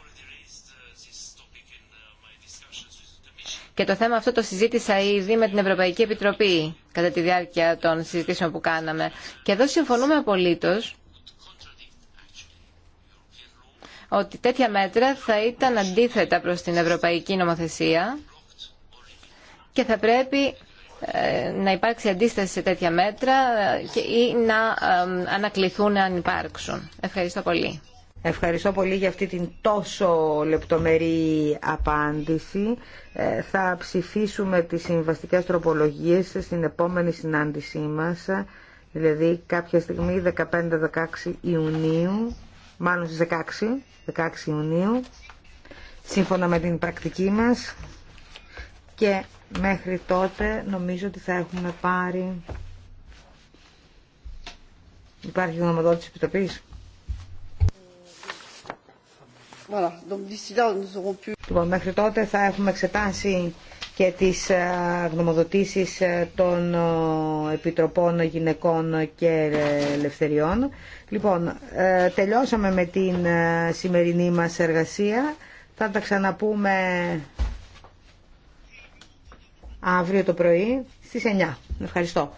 Και το θέμα αυτό το συζήτησα ήδη με την Ευρωπαϊκή Επιτροπή κατά τη διάρκεια των συζητήσεων που κάναμε. Και εδώ συμφωνούμε απολύτως ότι τέτοια μέτρα θα ήταν αντίθετα προς την Ευρωπαϊκή Νομοθεσία και θα πρέπει ε, να υπάρξει αντίσταση σε τέτοια μέτρα ή να ανακληθούν αν υπάρξουν. Ευχαριστώ πολύ. Ευχαριστώ πολύ για αυτή την τόσο λεπτομερή απάντηση. Ε, θα ψηφίσουμε τις συμβαστικές τροπολογίες στην επόμενη συνάντησή μας, δηλαδή κάποια στιγμή 15-16 Ιουνίου, μάλλον στις 16, 16 Ιουνίου, σύμφωνα με την πρακτική μας και Μέχρι τότε νομίζω ότι θα έχουμε πάρει... Υπάρχει γνωμοδότηση επιτροπής. Λοιπόν, μέχρι τότε θα έχουμε εξετάσει και τις ε, γνωμοδοτήσεις ε, των ε, Επιτροπών Γυναικών και Ελευθεριών. Λοιπόν, τελειώσαμε με την σημερινή μας εργασία. Θα τα ξαναπούμε αύριο το πρωί στις 9. Ευχαριστώ.